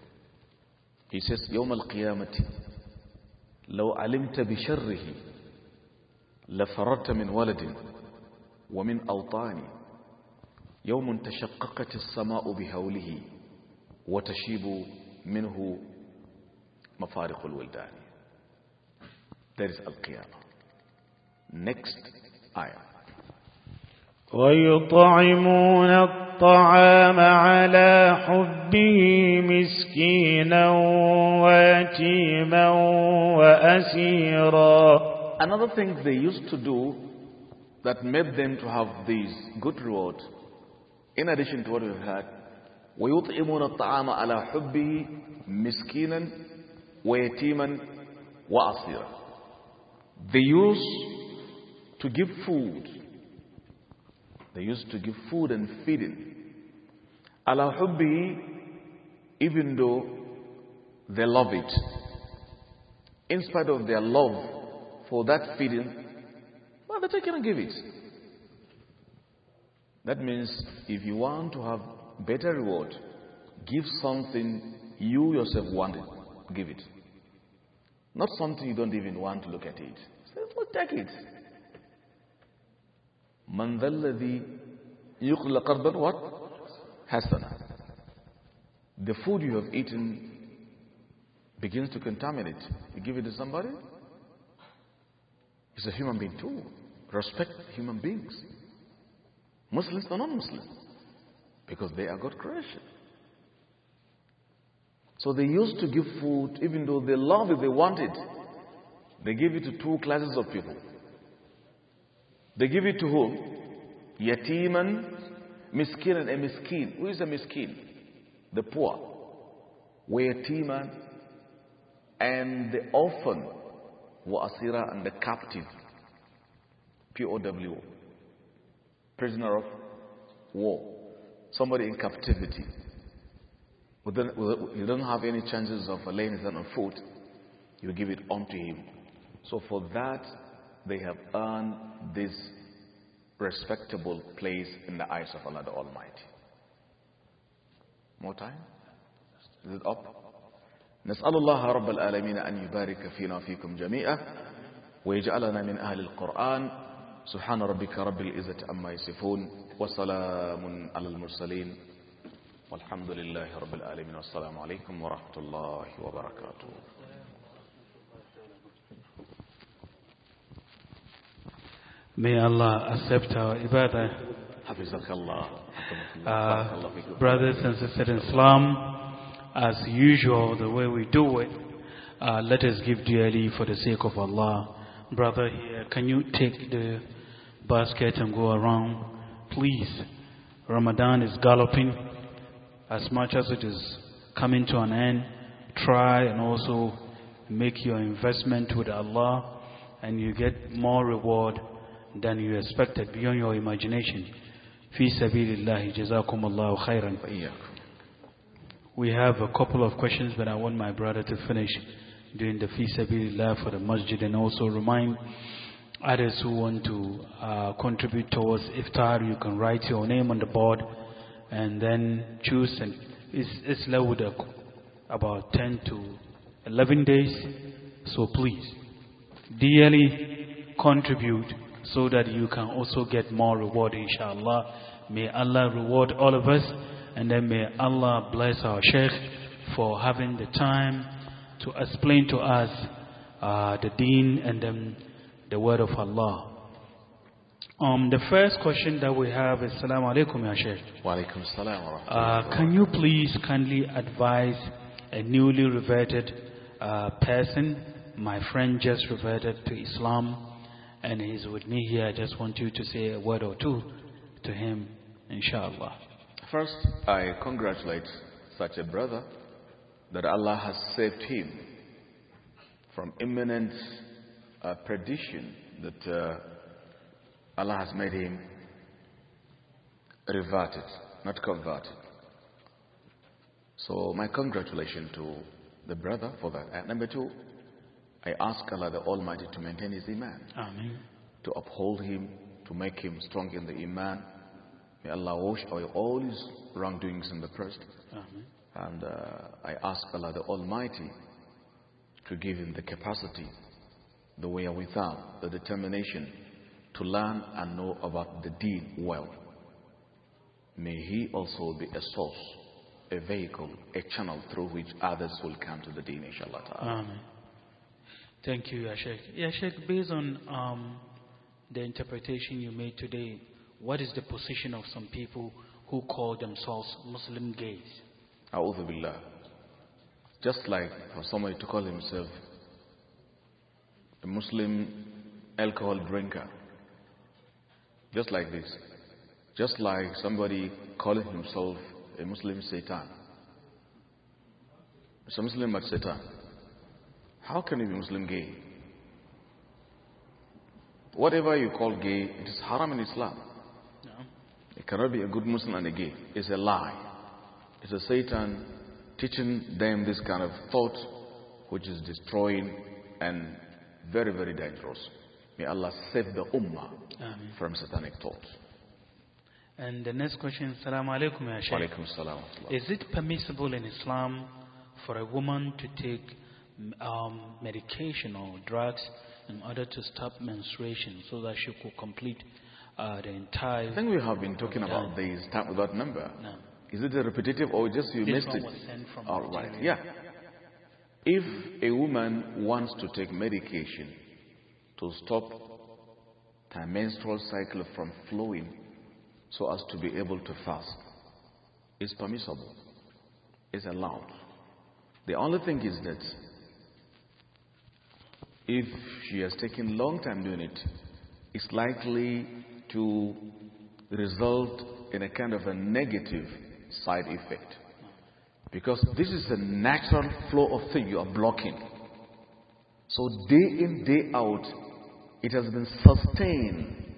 He says, يوم القيامة لو علمت بشره لفرت من ولد ومن أوطان يوم تشققت السماء بهوله وتشيب منه مفارق الولدان. That is Al-Qiyamah. Next ayah. ويطعمون الطعام على حبه مسكينا ويتيما وأسيرا Another thing they used to do that made them to have these good reward, in addition to what we've had, ويطعمون الطعام على حبه مسكينا ويتيما وأسيرا They used to give food they used to give food and feeding. Ala hubbi, even though they love it, in spite of their love for that feeding, well, they cannot give it. That means if you want to have better reward, give something you yourself wanted. Give it. Not something you don't even want to look at it. So, well, take it. من ذا الذي يقل قرضا what حسنا the food you have eaten begins to contaminate you give it to somebody he's a human being too respect human beings Muslims or non-Muslims because they are God creation so they used to give food even though they loved it they wanted they gave it to two classes of people they give it to whom? Yatiman, miskin and a miskin. Who is a miskin? The poor. Wayatiman and the orphan. Wa'asira and the captive. POW. Prisoner of war. Somebody in captivity. You don't have any chances of laying it on foot. You give it unto him. So for that, they have earned this respectable place in the eyes of Allah the Almighty. More time? Is it up? نسأل الله رب العالمين أن يبارك فينا وفيكم جميعا ويجعلنا من أهل القرآن سبحان ربك رب العزة أما يصفون وسلام على المرسلين والحمد لله رب العالمين والسلام عليكم ورحمة الله وبركاته May Allah accept our ibadah. Uh, brothers and sisters in Islam, as usual, the way we do it, uh, let us give dearly for the sake of Allah. Brother here, can you take the basket and go around? Please. Ramadan is galloping. As much as it is coming to an end, try and also make your investment with Allah and you get more reward than you expected, beyond your imagination. Fi سبيل الله khairan. We have a couple of questions, but I want my brother to finish doing the fi sabilillah for the masjid and also remind others who want to uh, contribute towards iftar. You can write your name on the board and then choose. And it's, it's left with about 10 to 11 days, so please dearly contribute so that you can also get more reward, inshallah. May Allah reward all of us, and then may Allah bless our Sheikh for having the time to explain to us uh, the deen and then the word of Allah. Um, the first question that we have is Assalamu alaikum, Ya Sheikh. Wa alaikum uh, Can you please kindly advise a newly reverted uh, person? My friend just reverted to Islam and he's with me here. I just want you to say a word or two to him, inshallah. First, I congratulate such a brother that Allah has saved him from imminent uh, perdition that uh, Allah has made him reverted, not converted. So, my congratulations to the brother for that. And number two, I ask Allah the Almighty to maintain his Iman, Amen. to uphold him, to make him strong in the Iman. May Allah wash away all his wrongdoings in the past. Amen. And uh, I ask Allah the Almighty to give him the capacity, the without, the determination to learn and know about the deen well. May he also be a source, a vehicle, a channel through which others will come to the deen, inshallah. Amen. Thank you, Yashik. Yashik, based on um, the interpretation you made today, what is the position of some people who call themselves Muslim gays? A'udhu Billah. Just like for somebody to call himself a Muslim alcohol drinker. Just like this. Just like somebody calling himself a Muslim Satan. It's a Muslim at Satan. How can you be Muslim gay? Whatever you call gay, it is haram in Islam. No. It cannot be a good Muslim and a gay. It's a lie. It's a Satan teaching them this kind of thought which is destroying and very, very dangerous. May Allah save the Ummah Amen. from satanic thoughts. And the next question, Salaam alaikum, Is it permissible in Islam for a woman to take um, medication or drugs in order to stop menstruation so that she could complete uh, the entire. I think we have been talking about this, that number. No. Is it repetitive or just you this missed it? All right. Yeah. If a woman wants to take medication to stop her menstrual cycle from flowing so as to be able to fast, it's permissible, it's allowed. The only thing is that if she has taken long time doing it, it's likely to result in a kind of a negative side effect. Because this is the natural flow of thing you are blocking. So day in, day out, it has been sustained.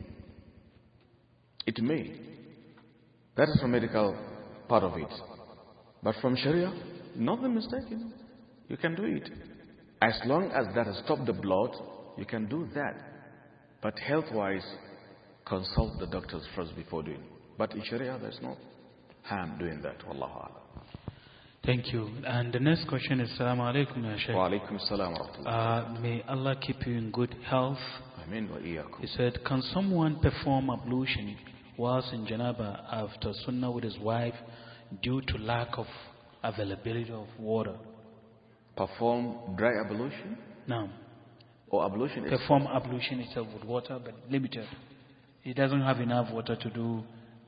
It may. That is from medical part of it. But from Sharia, not the mistaken. You can do it. As long as that has stopped the blood, you can do that. But health wise, consult the doctors first before doing. But in Sharia, there's no harm doing that. Wallahu ala. Thank you. And the next question is Salaam alaikum, Ya Shaykh. Wa alaikum salam wa uh, May Allah keep you in good health. Ameen wa iyakum. He said, Can someone perform ablution whilst in Janaba after Sunnah with his wife due to lack of availability of water? Perform dry ablution? No. Or ablution Perform itself? ablution itself with water, but limited. It doesn't have enough water to do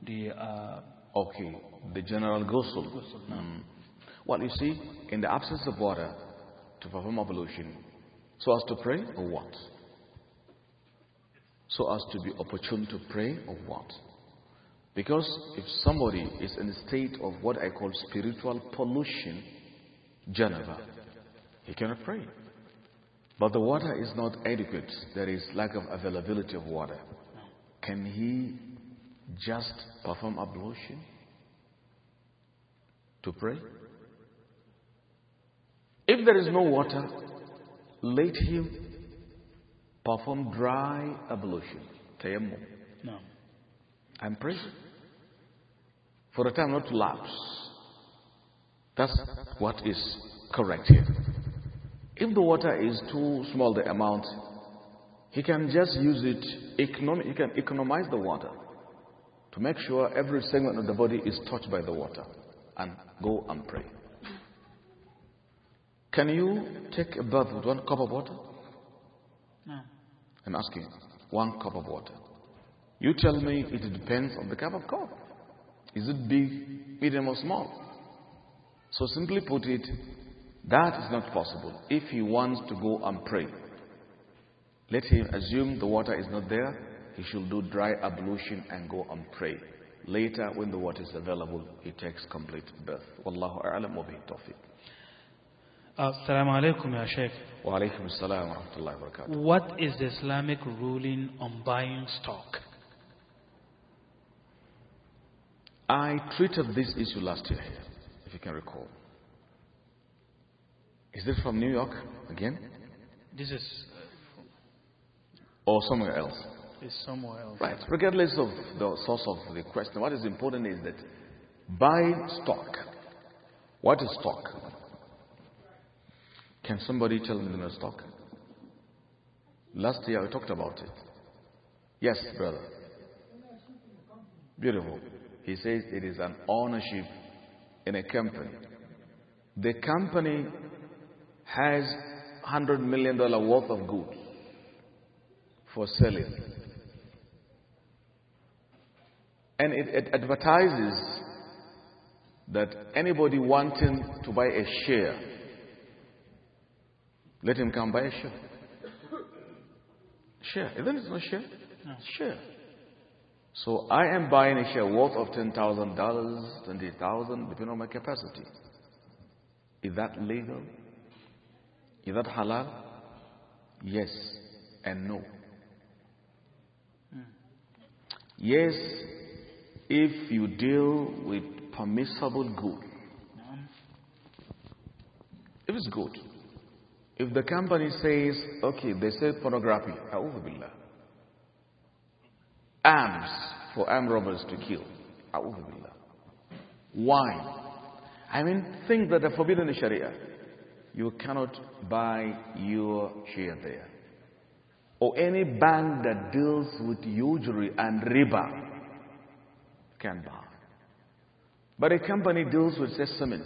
the. Uh, okay, the general ghusl. no. mm. Well, you see, in the absence of water, to perform ablution, so as to pray or what? So as to be opportune to pray or what? Because if somebody is in a state of what I call spiritual pollution, Geneva. He cannot pray. But the water is not adequate. There is lack of availability of water. Can he just perform ablution to pray? If there is no water, let him perform dry ablution, No, I am praying For a time not to lapse. That's what is correct here. If the water is too small, the amount, he can just use it, he can economize the water to make sure every segment of the body is touched by the water and go and pray. Can you take a bath with one cup of water? No. I'm asking. One cup of water. You tell me it depends on the cup of cup. Is it big, medium, or small? So simply put it, that is not possible. If he wants to go and pray, let him assume the water is not there. He should do dry ablution and go and pray. Later, when the water is available, he takes complete birth. Wallahu a'lam wa bihi tawfiq. Assalamu alaikum, Ya Sheikh. Wa alaikum assalam wa rahmatullahi wa barakatuh. What is the Islamic ruling on buying stock? I treated this issue last year, if you can recall. Is this from New York again? This is. Uh, or somewhere else? It's somewhere else. Right. Regardless of the source of the question, what is important is that buy stock. What is stock? Can somebody tell me the stock? Last year we talked about it. Yes, brother. Beautiful. He says it is an ownership in a company. The company has $100 million worth of goods for selling. And it, it advertises that anybody wanting to buy a share, let him come buy a share. Share. Isn't it not share? Share. So I am buying a share worth of ten thousand dollars, twenty thousand, depending on my capacity. Is that legal? Is that halal? Yes and no. Hmm. Yes, if you deal with permissible good. If it's good. If the company says, okay, they sell pornography, Arms for armed robbers to kill, wine. Why? I mean, things that are forbidden in Sharia. You cannot buy your share there. Or any bank that deals with usury and riba can buy. But a company deals with, cement,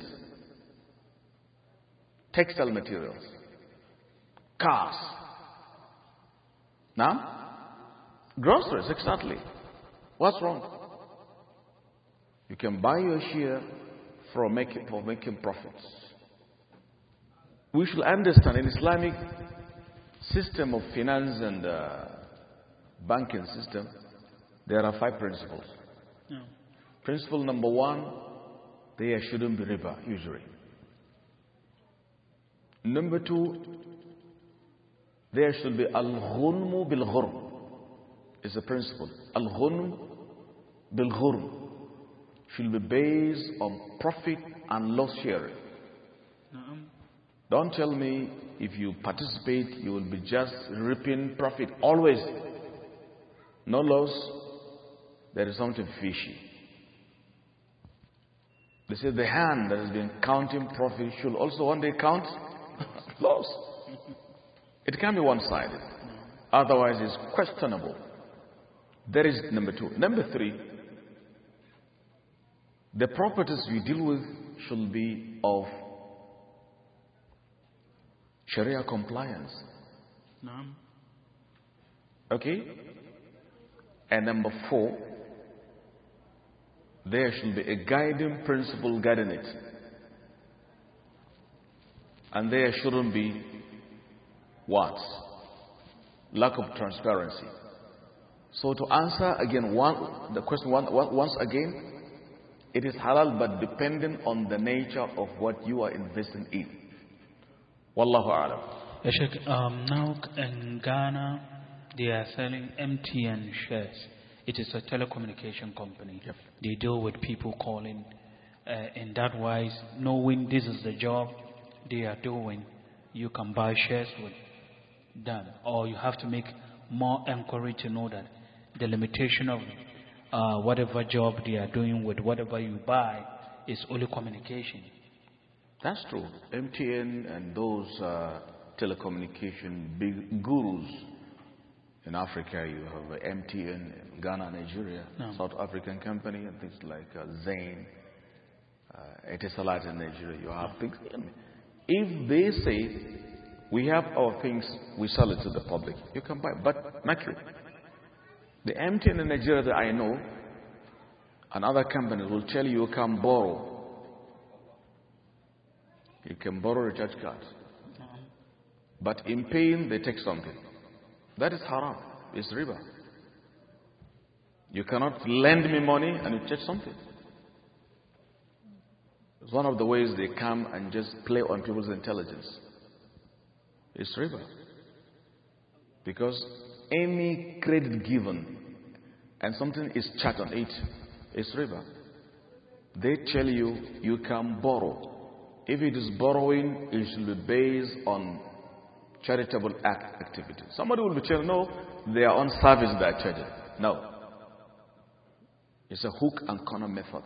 textile materials, cars, now, groceries, exactly. What's wrong? You can buy your share making, for making profits we should understand in Islamic system of finance and uh, banking system, there are five principles. Yeah. Principle number one, there shouldn't be riba, usury. Number two, there should be al-ghulmu bil-ghurm. It's a principle. Al-ghulm bil-ghurm should be based on profit and loss sharing. Don't tell me if you participate, you will be just reaping profit always. No loss. There is something fishy. They say the hand that has been counting profit should also one day count *laughs* loss. It can be one sided. Otherwise, it's questionable. There is number two. Number three, the properties we deal with should be of Sharia compliance. No. Okay? And number four, there should be a guiding principle guiding it. And there shouldn't be what? Lack of transparency. So to answer again one, the question one, once again, it is halal but depending on the nature of what you are investing in. Wallahu alam. um, now in Ghana, they are selling MTN shares. It is a telecommunication company. Yep. They deal with people calling. Uh, in that wise, knowing this is the job they are doing, you can buy shares with them. Or you have to make more inquiry to know that the limitation of uh, whatever job they are doing with whatever you buy is only communication. That's true. MTN and those uh, telecommunication big gurus in Africa, you have MTN in Ghana, Nigeria, no. South African company, and things like uh, Zain, uh, Etisalat in Nigeria. You have things. If they say, we have our things, we sell it to the public, you can buy. But, Matthew, the MTN in Nigeria that I know, and other companies will tell you, you can borrow you can borrow a church card. Uh-huh. But in paying, they take something. That is haram. It's riba. You cannot lend me money and you take something. It's one of the ways they come and just play on people's intelligence. It's riba. Because any credit given and something is charged on it, it's riba. They tell you you can borrow if it is borrowing, it should be based on charitable act activity. Somebody will be telling, no, they are on service they are charging. No. It's a hook and corner method.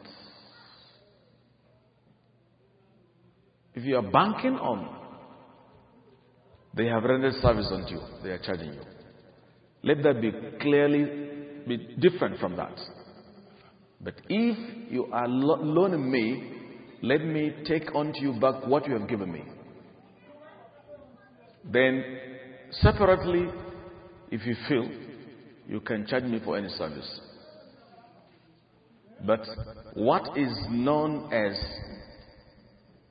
If you are banking on they have rendered service unto you, they are charging you. Let that be clearly be different from that. But if you are lo loaning me let me take unto you back what you have given me. Then, separately, if you feel, you can charge me for any service. But what is known as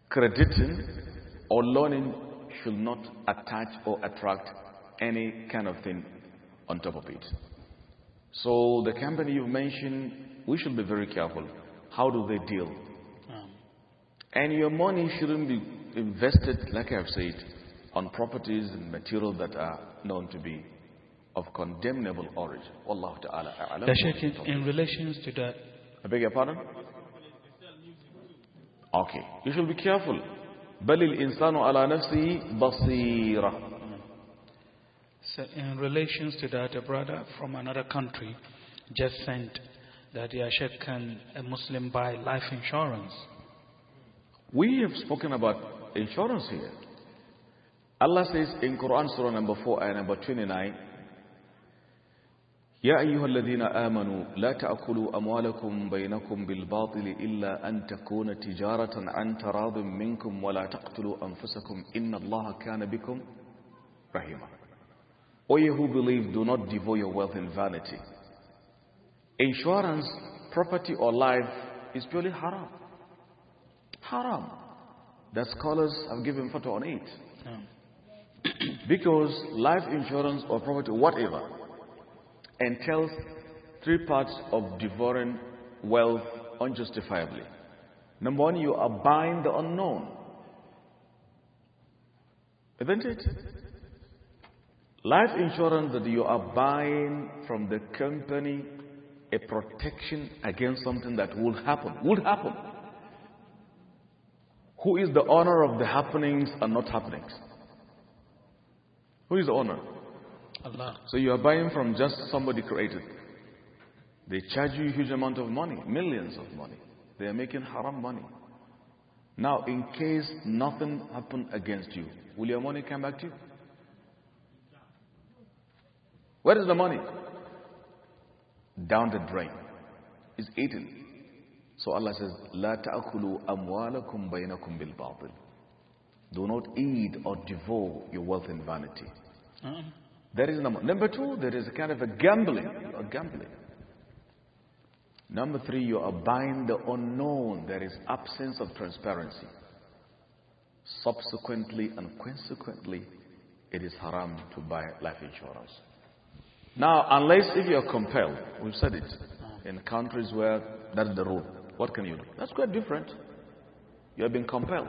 crediting or loaning should not attach or attract any kind of thing on top of it. So the company you mentioned, we should be very careful. How do they deal? And your money shouldn't be invested, like I've said, on properties and material that are known to be of condemnable origin. Wallahu ta'ala The Sheikh, in, in relation to that. I beg your pardon? Okay. You should be careful. بَلِ insanu ala nafsi basira. So in relation to that, a brother from another country just sent that, the Sheikh, can a Muslim buy life insurance? We have spoken about insurance here. Allah says in Quran Surah number 4 and number 29, يا أيها الذين آمنوا لا تأكلوا أموالكم بينكم بالباطل إلا أن تكون تجارة عن تراض منكم ولا تقتلوا أنفسكم إن الله كان بكم رحيما O ye who believe, do not devote your wealth in vanity. Insurance, property or life is purely haram. Haram. The scholars have given photo on it. *clears throat* because life insurance or property, whatever, entails three parts of devouring wealth unjustifiably. Number one, you are buying the unknown. Isn't it? Life insurance that you are buying from the company a protection against something that will happen. Would happen. Who is the owner of the happenings and not happenings? Who is the owner? Allah. So you are buying from just somebody created. They charge you a huge amount of money, millions of money. They are making haram money. Now, in case nothing happened against you, will your money come back to you? Where is the money? Down the drain. It's eaten. So Allah says, لا تأكلوا أموالكم بينكم بالباطل. Do not eat or devour your wealth in vanity. Mm. That is number number two. There is a kind of a gambling. A gambling. Number three, you are buying the unknown. There is absence of transparency. Subsequently and consequently, it is haram to buy life insurance. Now, unless if you are compelled, we've said it in countries where that's the rule. What can you do? That's quite different. You have been compelled.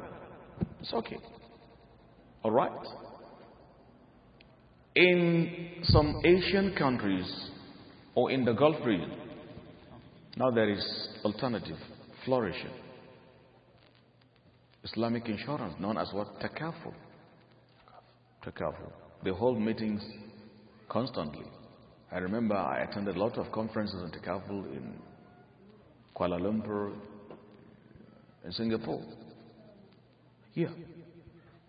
It's okay. All right? In some Asian countries or in the Gulf region, now there is alternative flourishing. Islamic insurance, known as what? Takaful. Takaful. They hold meetings constantly. I remember I attended a lot of conferences on Takaful in Kuala Lumpur, and Singapore. Yeah.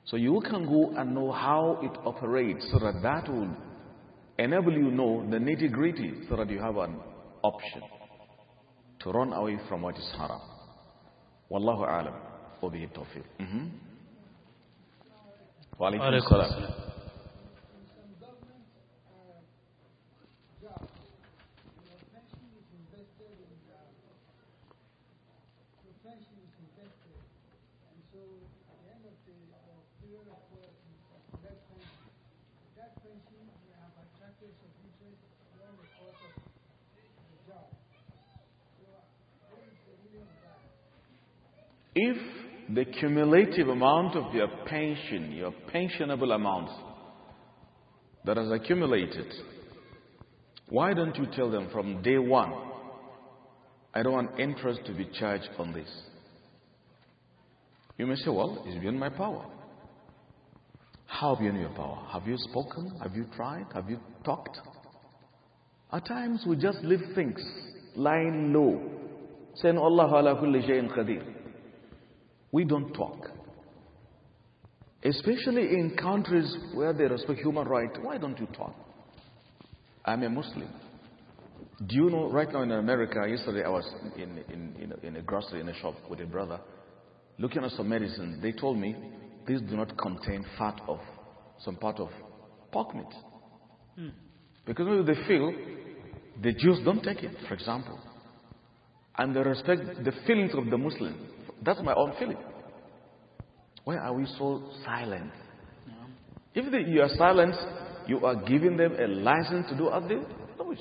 So you can go and know how it operates so that that will enable you know the nitty gritty so that you have an option to run away from what is haram. Wallahu alam. Wabihi tawfiq. mm If the cumulative amount of your pension, your pensionable amount that has accumulated, why don't you tell them from day one, I don't want interest to be charged on this? You may say, Well, it's beyond my power. How beyond your power? Have you spoken? Have you tried? Have you talked? At times we just leave things lying low, saying, Allah ala kulli shayin kadir we don't talk. Especially in countries where they respect human rights, why don't you talk? I'm a Muslim. Do you know, right now in America, yesterday I was in, in, in, in a grocery, in a shop with a brother, looking at some medicine. They told me these do not contain fat of some part of pork meat. Hmm. Because when they feel, the Jews don't take it, for example. And they respect the feelings of the Muslim. That's my own feeling. Why are we so silent? If the, you are silent, you are giving them a license to do as they wish.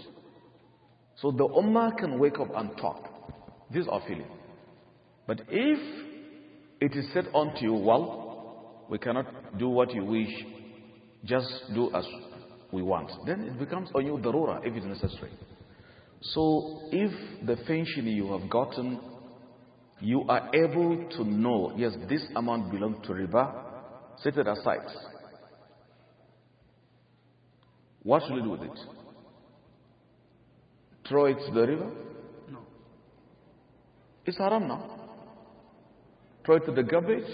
So the ummah can wake up and talk. This is our feeling. But if it is said unto you, well, we cannot do what you wish, just do as we want, then it becomes on you ruler, if it's necessary. So if the pension you have gotten you are able to know, yes, this amount belongs to riba, set it aside. What should you do with it? Throw it to the river? No. It's haram now. Throw it to the garbage?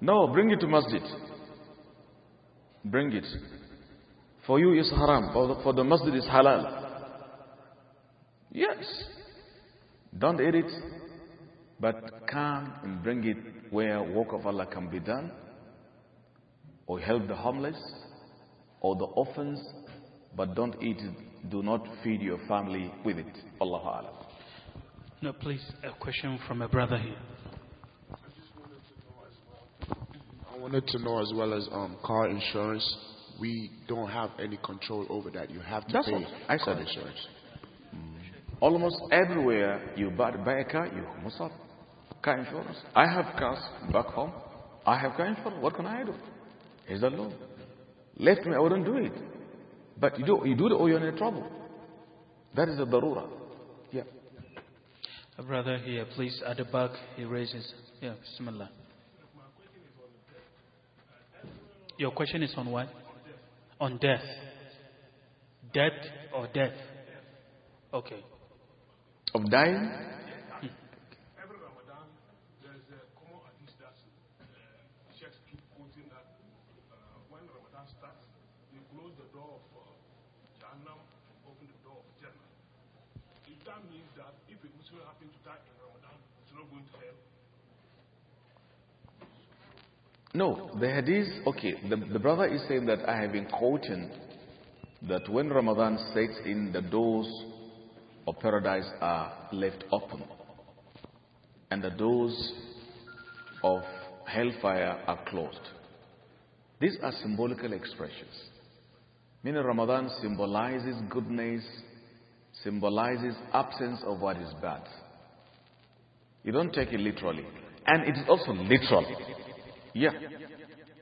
No, bring it to masjid. Bring it. For you it's haram. For the, for the masjid it's halal. Yes. Don't eat it but come and bring it where work of Allah can be done, or help the homeless, or the orphans, but don't eat it. Do not feed your family with it. Allah No, please, a question from a brother here. I wanted to know as well as, um, car insurance. We don't have any control over that. You have to That's pay I said. insurance. Mm. Almost everywhere you buy, buy a car, you must have car insurance. I have cars back home. I have car insurance. What can I do? Is that law? Left me, I wouldn't do it. But you do, you do it or you're in trouble. That is a darura. Yeah. A brother here, please, at the back, he raises. Yeah, similar. Your question is on what? On death. Death or death? Okay. Of dying? No, the hadith, okay, the, the brother is saying that I have been quoting that when Ramadan sets in, the doors of paradise are left open and the doors of hellfire are closed. These are symbolical expressions. Meaning Ramadan symbolizes goodness, symbolizes absence of what is bad. You don't take it literally. And it is also literal. Yeah.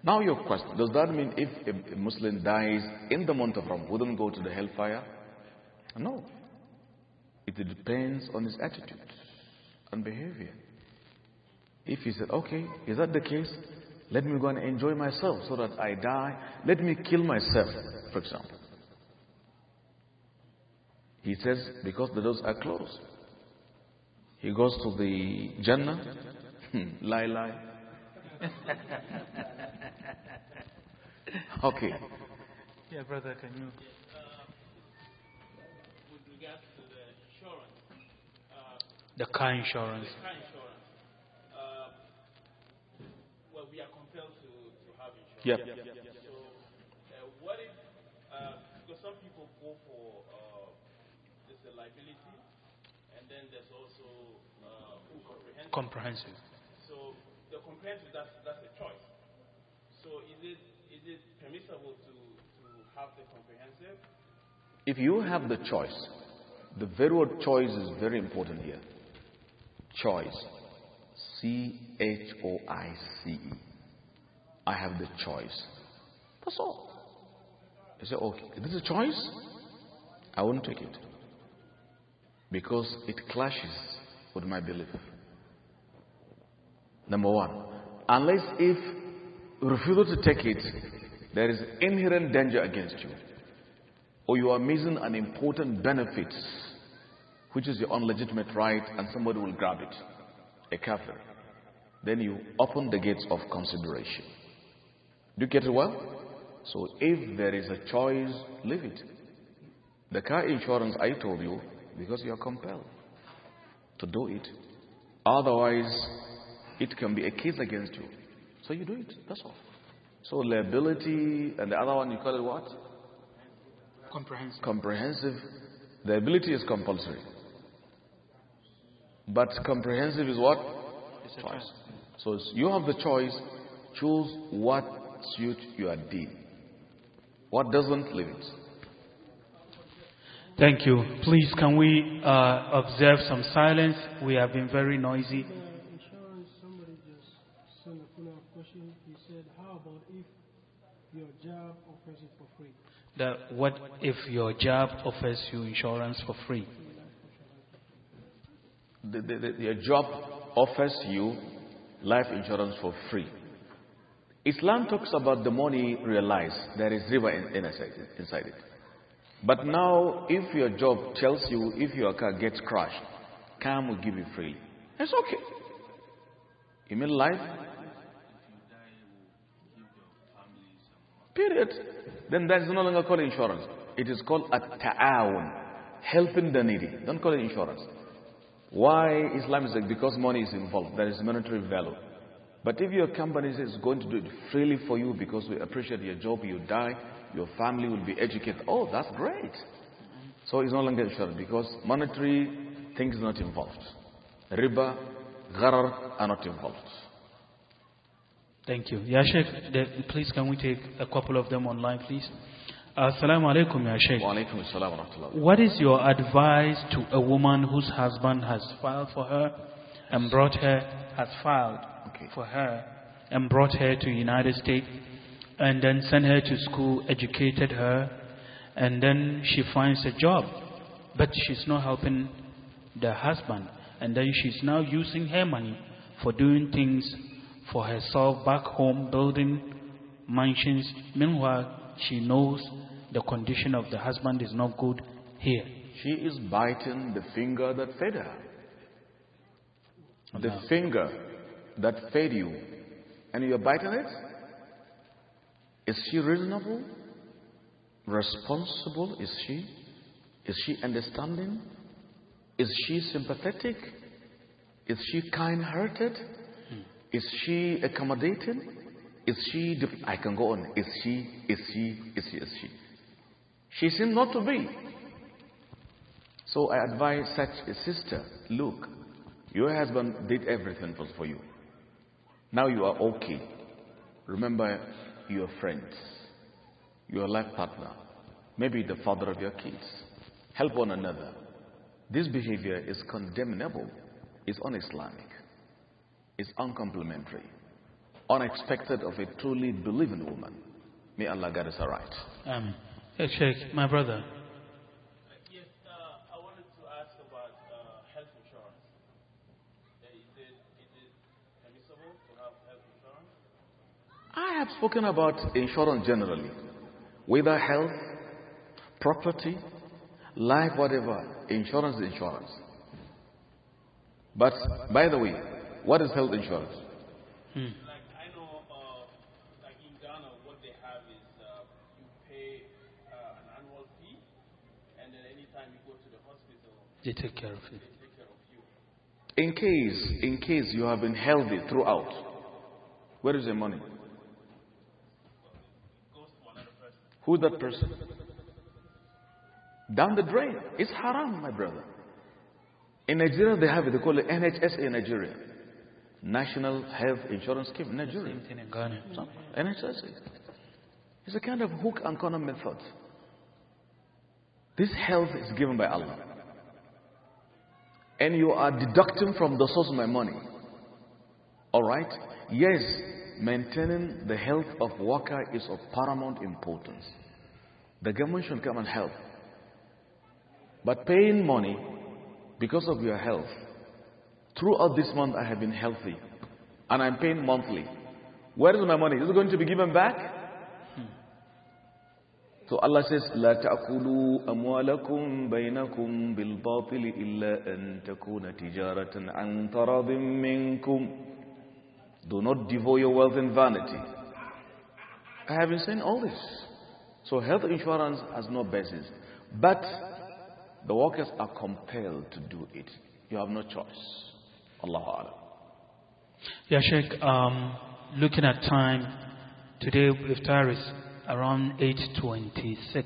Now your question, does that mean if a Muslim dies in the month of Ram wouldn't go to the hellfire? No. It depends on his attitude and behavior. If he said, okay, is that the case? Let me go and enjoy myself so that I die. Let me kill myself, for example. He says, because the doors are closed. He goes to the Jannah. lie, hmm. lie okay. Yeah, brother, can you? the car insurance. The car insurance. Uh, well, we are compelled to, to have insurance. Yep. yep, yep, yep so, uh, what if, uh, because some people go for uh, this liability, and then there's also uh, comprehensive. Comprehensive compared to that, that's a choice. So is it, is it permissible to, to have the comprehensive? If you have the choice, the very word choice is very important here. Choice. C H O I C E. I have the choice. That's all. You say, okay, this is a choice, I won't take it. Because it clashes with my belief. Number one unless if refusal to take it, there is inherent danger against you. Or you are missing an important benefit, which is your own legitimate right, and somebody will grab it, a kafir. Then you open the gates of consideration. Do you get it well? So if there is a choice, leave it. The car insurance I told you because you are compelled to do it. Otherwise, it can be a case against you. So you do it. That's all. So liability and the other one you call it what? Comprehensive. Comprehensive. The ability is compulsory. But comprehensive is what? It's choice. choice. So you have the choice. Choose what suits your deed. What doesn't, leave it. Thank you. Please, can we uh, observe some silence? We have been very noisy. that what if your job offers you insurance for free? The, the, the, your job offers you life insurance for free. Islam talks about the money realized. There is river in, in, inside it. But now, if your job tells you if your car gets crashed, Kam will give you free. It's okay. You mean life? Period. Then that is no longer called insurance. It is called a ta'awun, helping the needy. Don't call it insurance. Why Islam is like, because money is involved, there is monetary value. But if your company is going to do it freely for you because we appreciate your job, you die, your family will be educated, oh, that's great. So it's no longer insurance because monetary things are not involved. Riba, gharar are not involved. Thank you. Ya Sheikh, please can we take a couple of them online, please? Assalamu alaikum, Ya Sheikh. Wa alaikum assalam What is your advice to a woman whose husband has filed for her and brought her, has filed okay. for her and brought her to United States and then sent her to school, educated her, and then she finds a job, but she's not helping the husband, and then she's now using her money for doing things for herself back home building mansions. Meanwhile, she knows the condition of the husband is not good here. She is biting the finger that fed her. The no. finger that fed you, and you're biting it? Is she reasonable? Responsible is she? Is she understanding? Is she sympathetic? Is she kind hearted? Is she accommodating? Is she, I can go on. Is she, is she, is she, is she? She seems not to be. So I advise such a sister, look, your husband did everything for you. Now you are okay. Remember your friends, your life partner, maybe the father of your kids. Help one another. This behavior is condemnable. It's un-Islamic is uncomplimentary, unexpected of a truly believing woman. May Allah guide us aright. Um, hey, Sheikh, my brother. I have spoken about insurance generally, whether health, property, life, whatever. Insurance is insurance. But by the way, what is health insurance? Hmm. Uh, like in Ghana, what they have is uh, you pay uh, an annual fee, and then you go to the hospital, they take care of you. In case, in case you have been healthy throughout, where is the money? Who's that person? Down the drain. It's haram, my brother. In Nigeria, they have it. They call it NHS in Nigeria national health insurance scheme in Nigeria. Same thing in Ghana. NHS. It's a kind of hook and corner method. This health is given by Allah. And you are deducting from the source of my money. Alright? Yes, maintaining the health of worker is of paramount importance. The government should come and help. But paying money because of your health Throughout this month, I have been healthy and I'm paying monthly. Where is my money? Is it going to be given back? So Allah says, لا تأكلوا أموالكم بينكم بالباطل إلا أن تكون تجارة عن تراض منكم. Do not devour your wealth in vanity. I have been saying all this. So health insurance has no basis. But the workers are compelled to do it. You have no choice. Allah Alam. Yeah, Sheikh, um, looking at time, today iftar is around 8.26.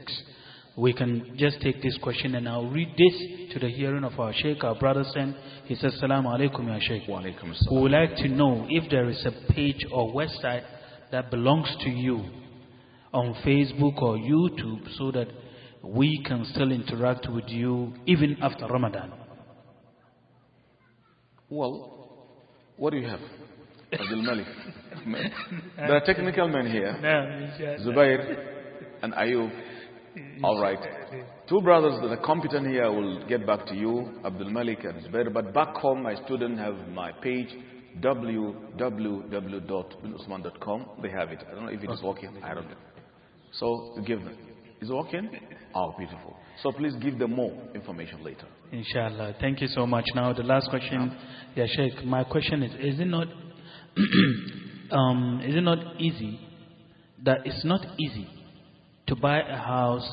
We can just take this question and I'll read this to the hearing of our Sheikh, our brother sent. He says, Salaam alaikum, Ya Sheikh. Wa alaikum We would like to know if there is a page or website that belongs to you on Facebook or YouTube so that we can still interact with you even after Ramadan. Well, what do you have? Abdul Malik. *laughs* there are technical men here. Zubair and Ayub. All right. Two brothers that are competent here will get back to you, Abdul Malik and Zubair. But back home, my students have my page www.binosman.com. They have it. I don't know if it is working. I don't know. So give them. Is it working? *laughs* Oh, beautiful. So please give them more information later. Inshallah. Thank you so much. Now, the last question, yeah, Sheikh. My question is: Is it not, *clears throat* um, is it not easy? That it's not easy to buy a house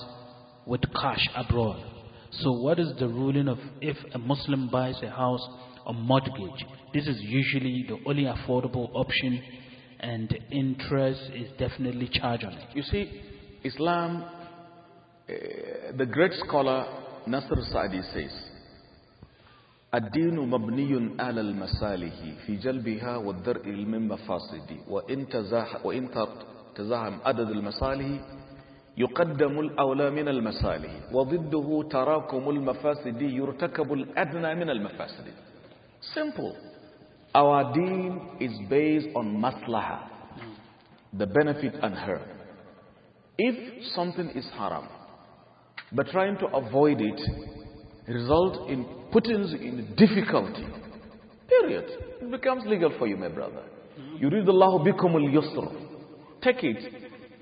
with cash abroad. So, what is the ruling of if a Muslim buys a house on mortgage? This is usually the only affordable option, and interest is definitely charged on it. You see, Islam. Uh, the great scholar Nasr Sa'di says, الدين مبني على المصالح في جلبها والدرء من مفاسد وإن, تزاح وإن تزاحم عدد المصالح يقدم الأولى من المصالح وضده تراكم المفاسد يرتكب الأدنى من المفاسد simple our deen is based on maslaha the benefit and her if something is haram but trying to avoid it result in Putin's in difficulty. Period. It becomes legal for you, my brother. You read the law, become al yusr. Take it.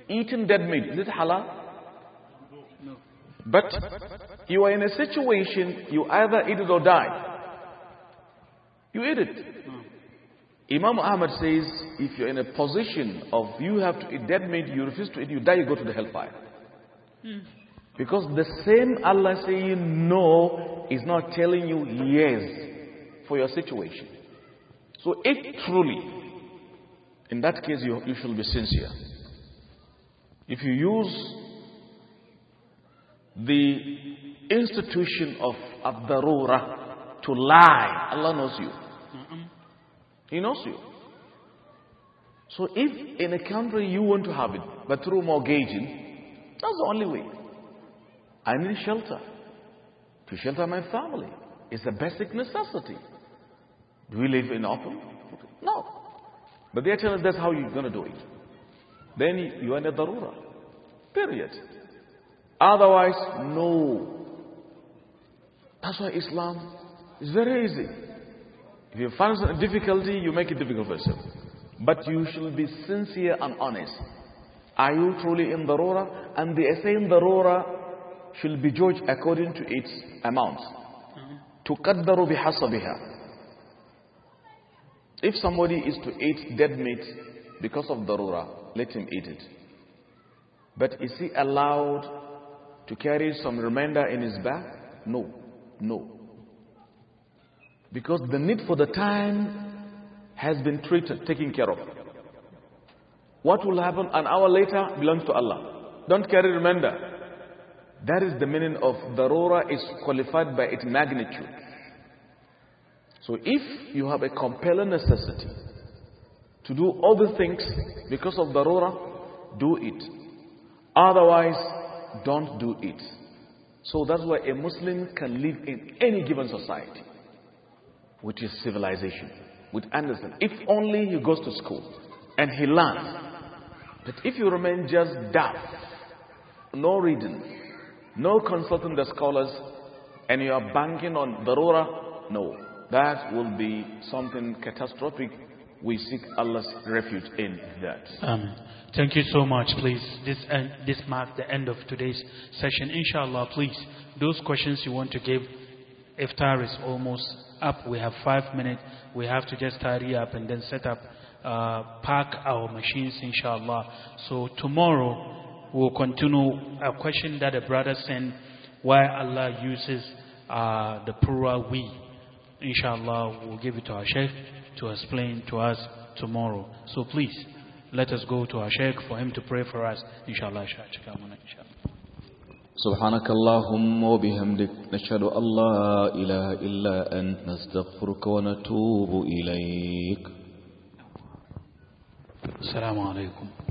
Eating dead meat. Is it halal? No. But you are in a situation you either eat it or die. You eat it. Imam Ahmad says if you're in a position of you have to eat dead meat, you refuse to eat, you die, you go to the hellfire. Hmm. Because the same Allah saying no is not telling you yes for your situation. So if truly, in that case you, you should be sincere. If you use the institution of Abdarura to lie, Allah knows you. He knows you. So if in a country you want to have it, but through mortgaging, that's the only way. I need shelter to shelter my family. It's a basic necessity. Do we live in open? No. But they tell us that's how you're going to do it. Then you are in a darura. Period. Otherwise, no. That's why Islam is very easy. If you find some difficulty, you make it difficult for yourself. But you should be sincere and honest. Are you truly in darura? And the essay in darura should be judged according to its amount. تُقَدَّرُ بِحَصَبِهَا If somebody is to eat dead meat because of darura, let him eat it. But is he allowed to carry some remainder in his bag? No, no. Because the need for the time has been treated, taken care of. What will happen an hour later belongs to Allah. Don't carry remainder. That is the meaning of darura is qualified by its magnitude. So if you have a compelling necessity to do all the things because of darura, do it. Otherwise, don't do it. So that's why a Muslim can live in any given society, which is civilization, with understand. If only he goes to school and he learns. But if you remain just deaf, no reading, no consulting the scholars, and you are banking on darura, no. That will be something catastrophic. We seek Allah's refuge in that. Amen. Thank you so much, please. This, end, this marks the end of today's session. Inshallah, please, those questions you want to give, iftar is almost up. We have five minutes. We have to just tidy up and then set up, uh, park our machines, inshallah. So tomorrow, We'll continue a question that a brother sent why Allah uses uh, the plural we. Inshallah, we'll give it to our Sheikh to explain to us tomorrow. So please, let us go to our Sheikh for him to pray for us. Inshallah, inshallah. سبحانك اللهم وبحمدك نشهد أن لا إله إلا أنت نستغفرك ونتوب إليك السلام عليكم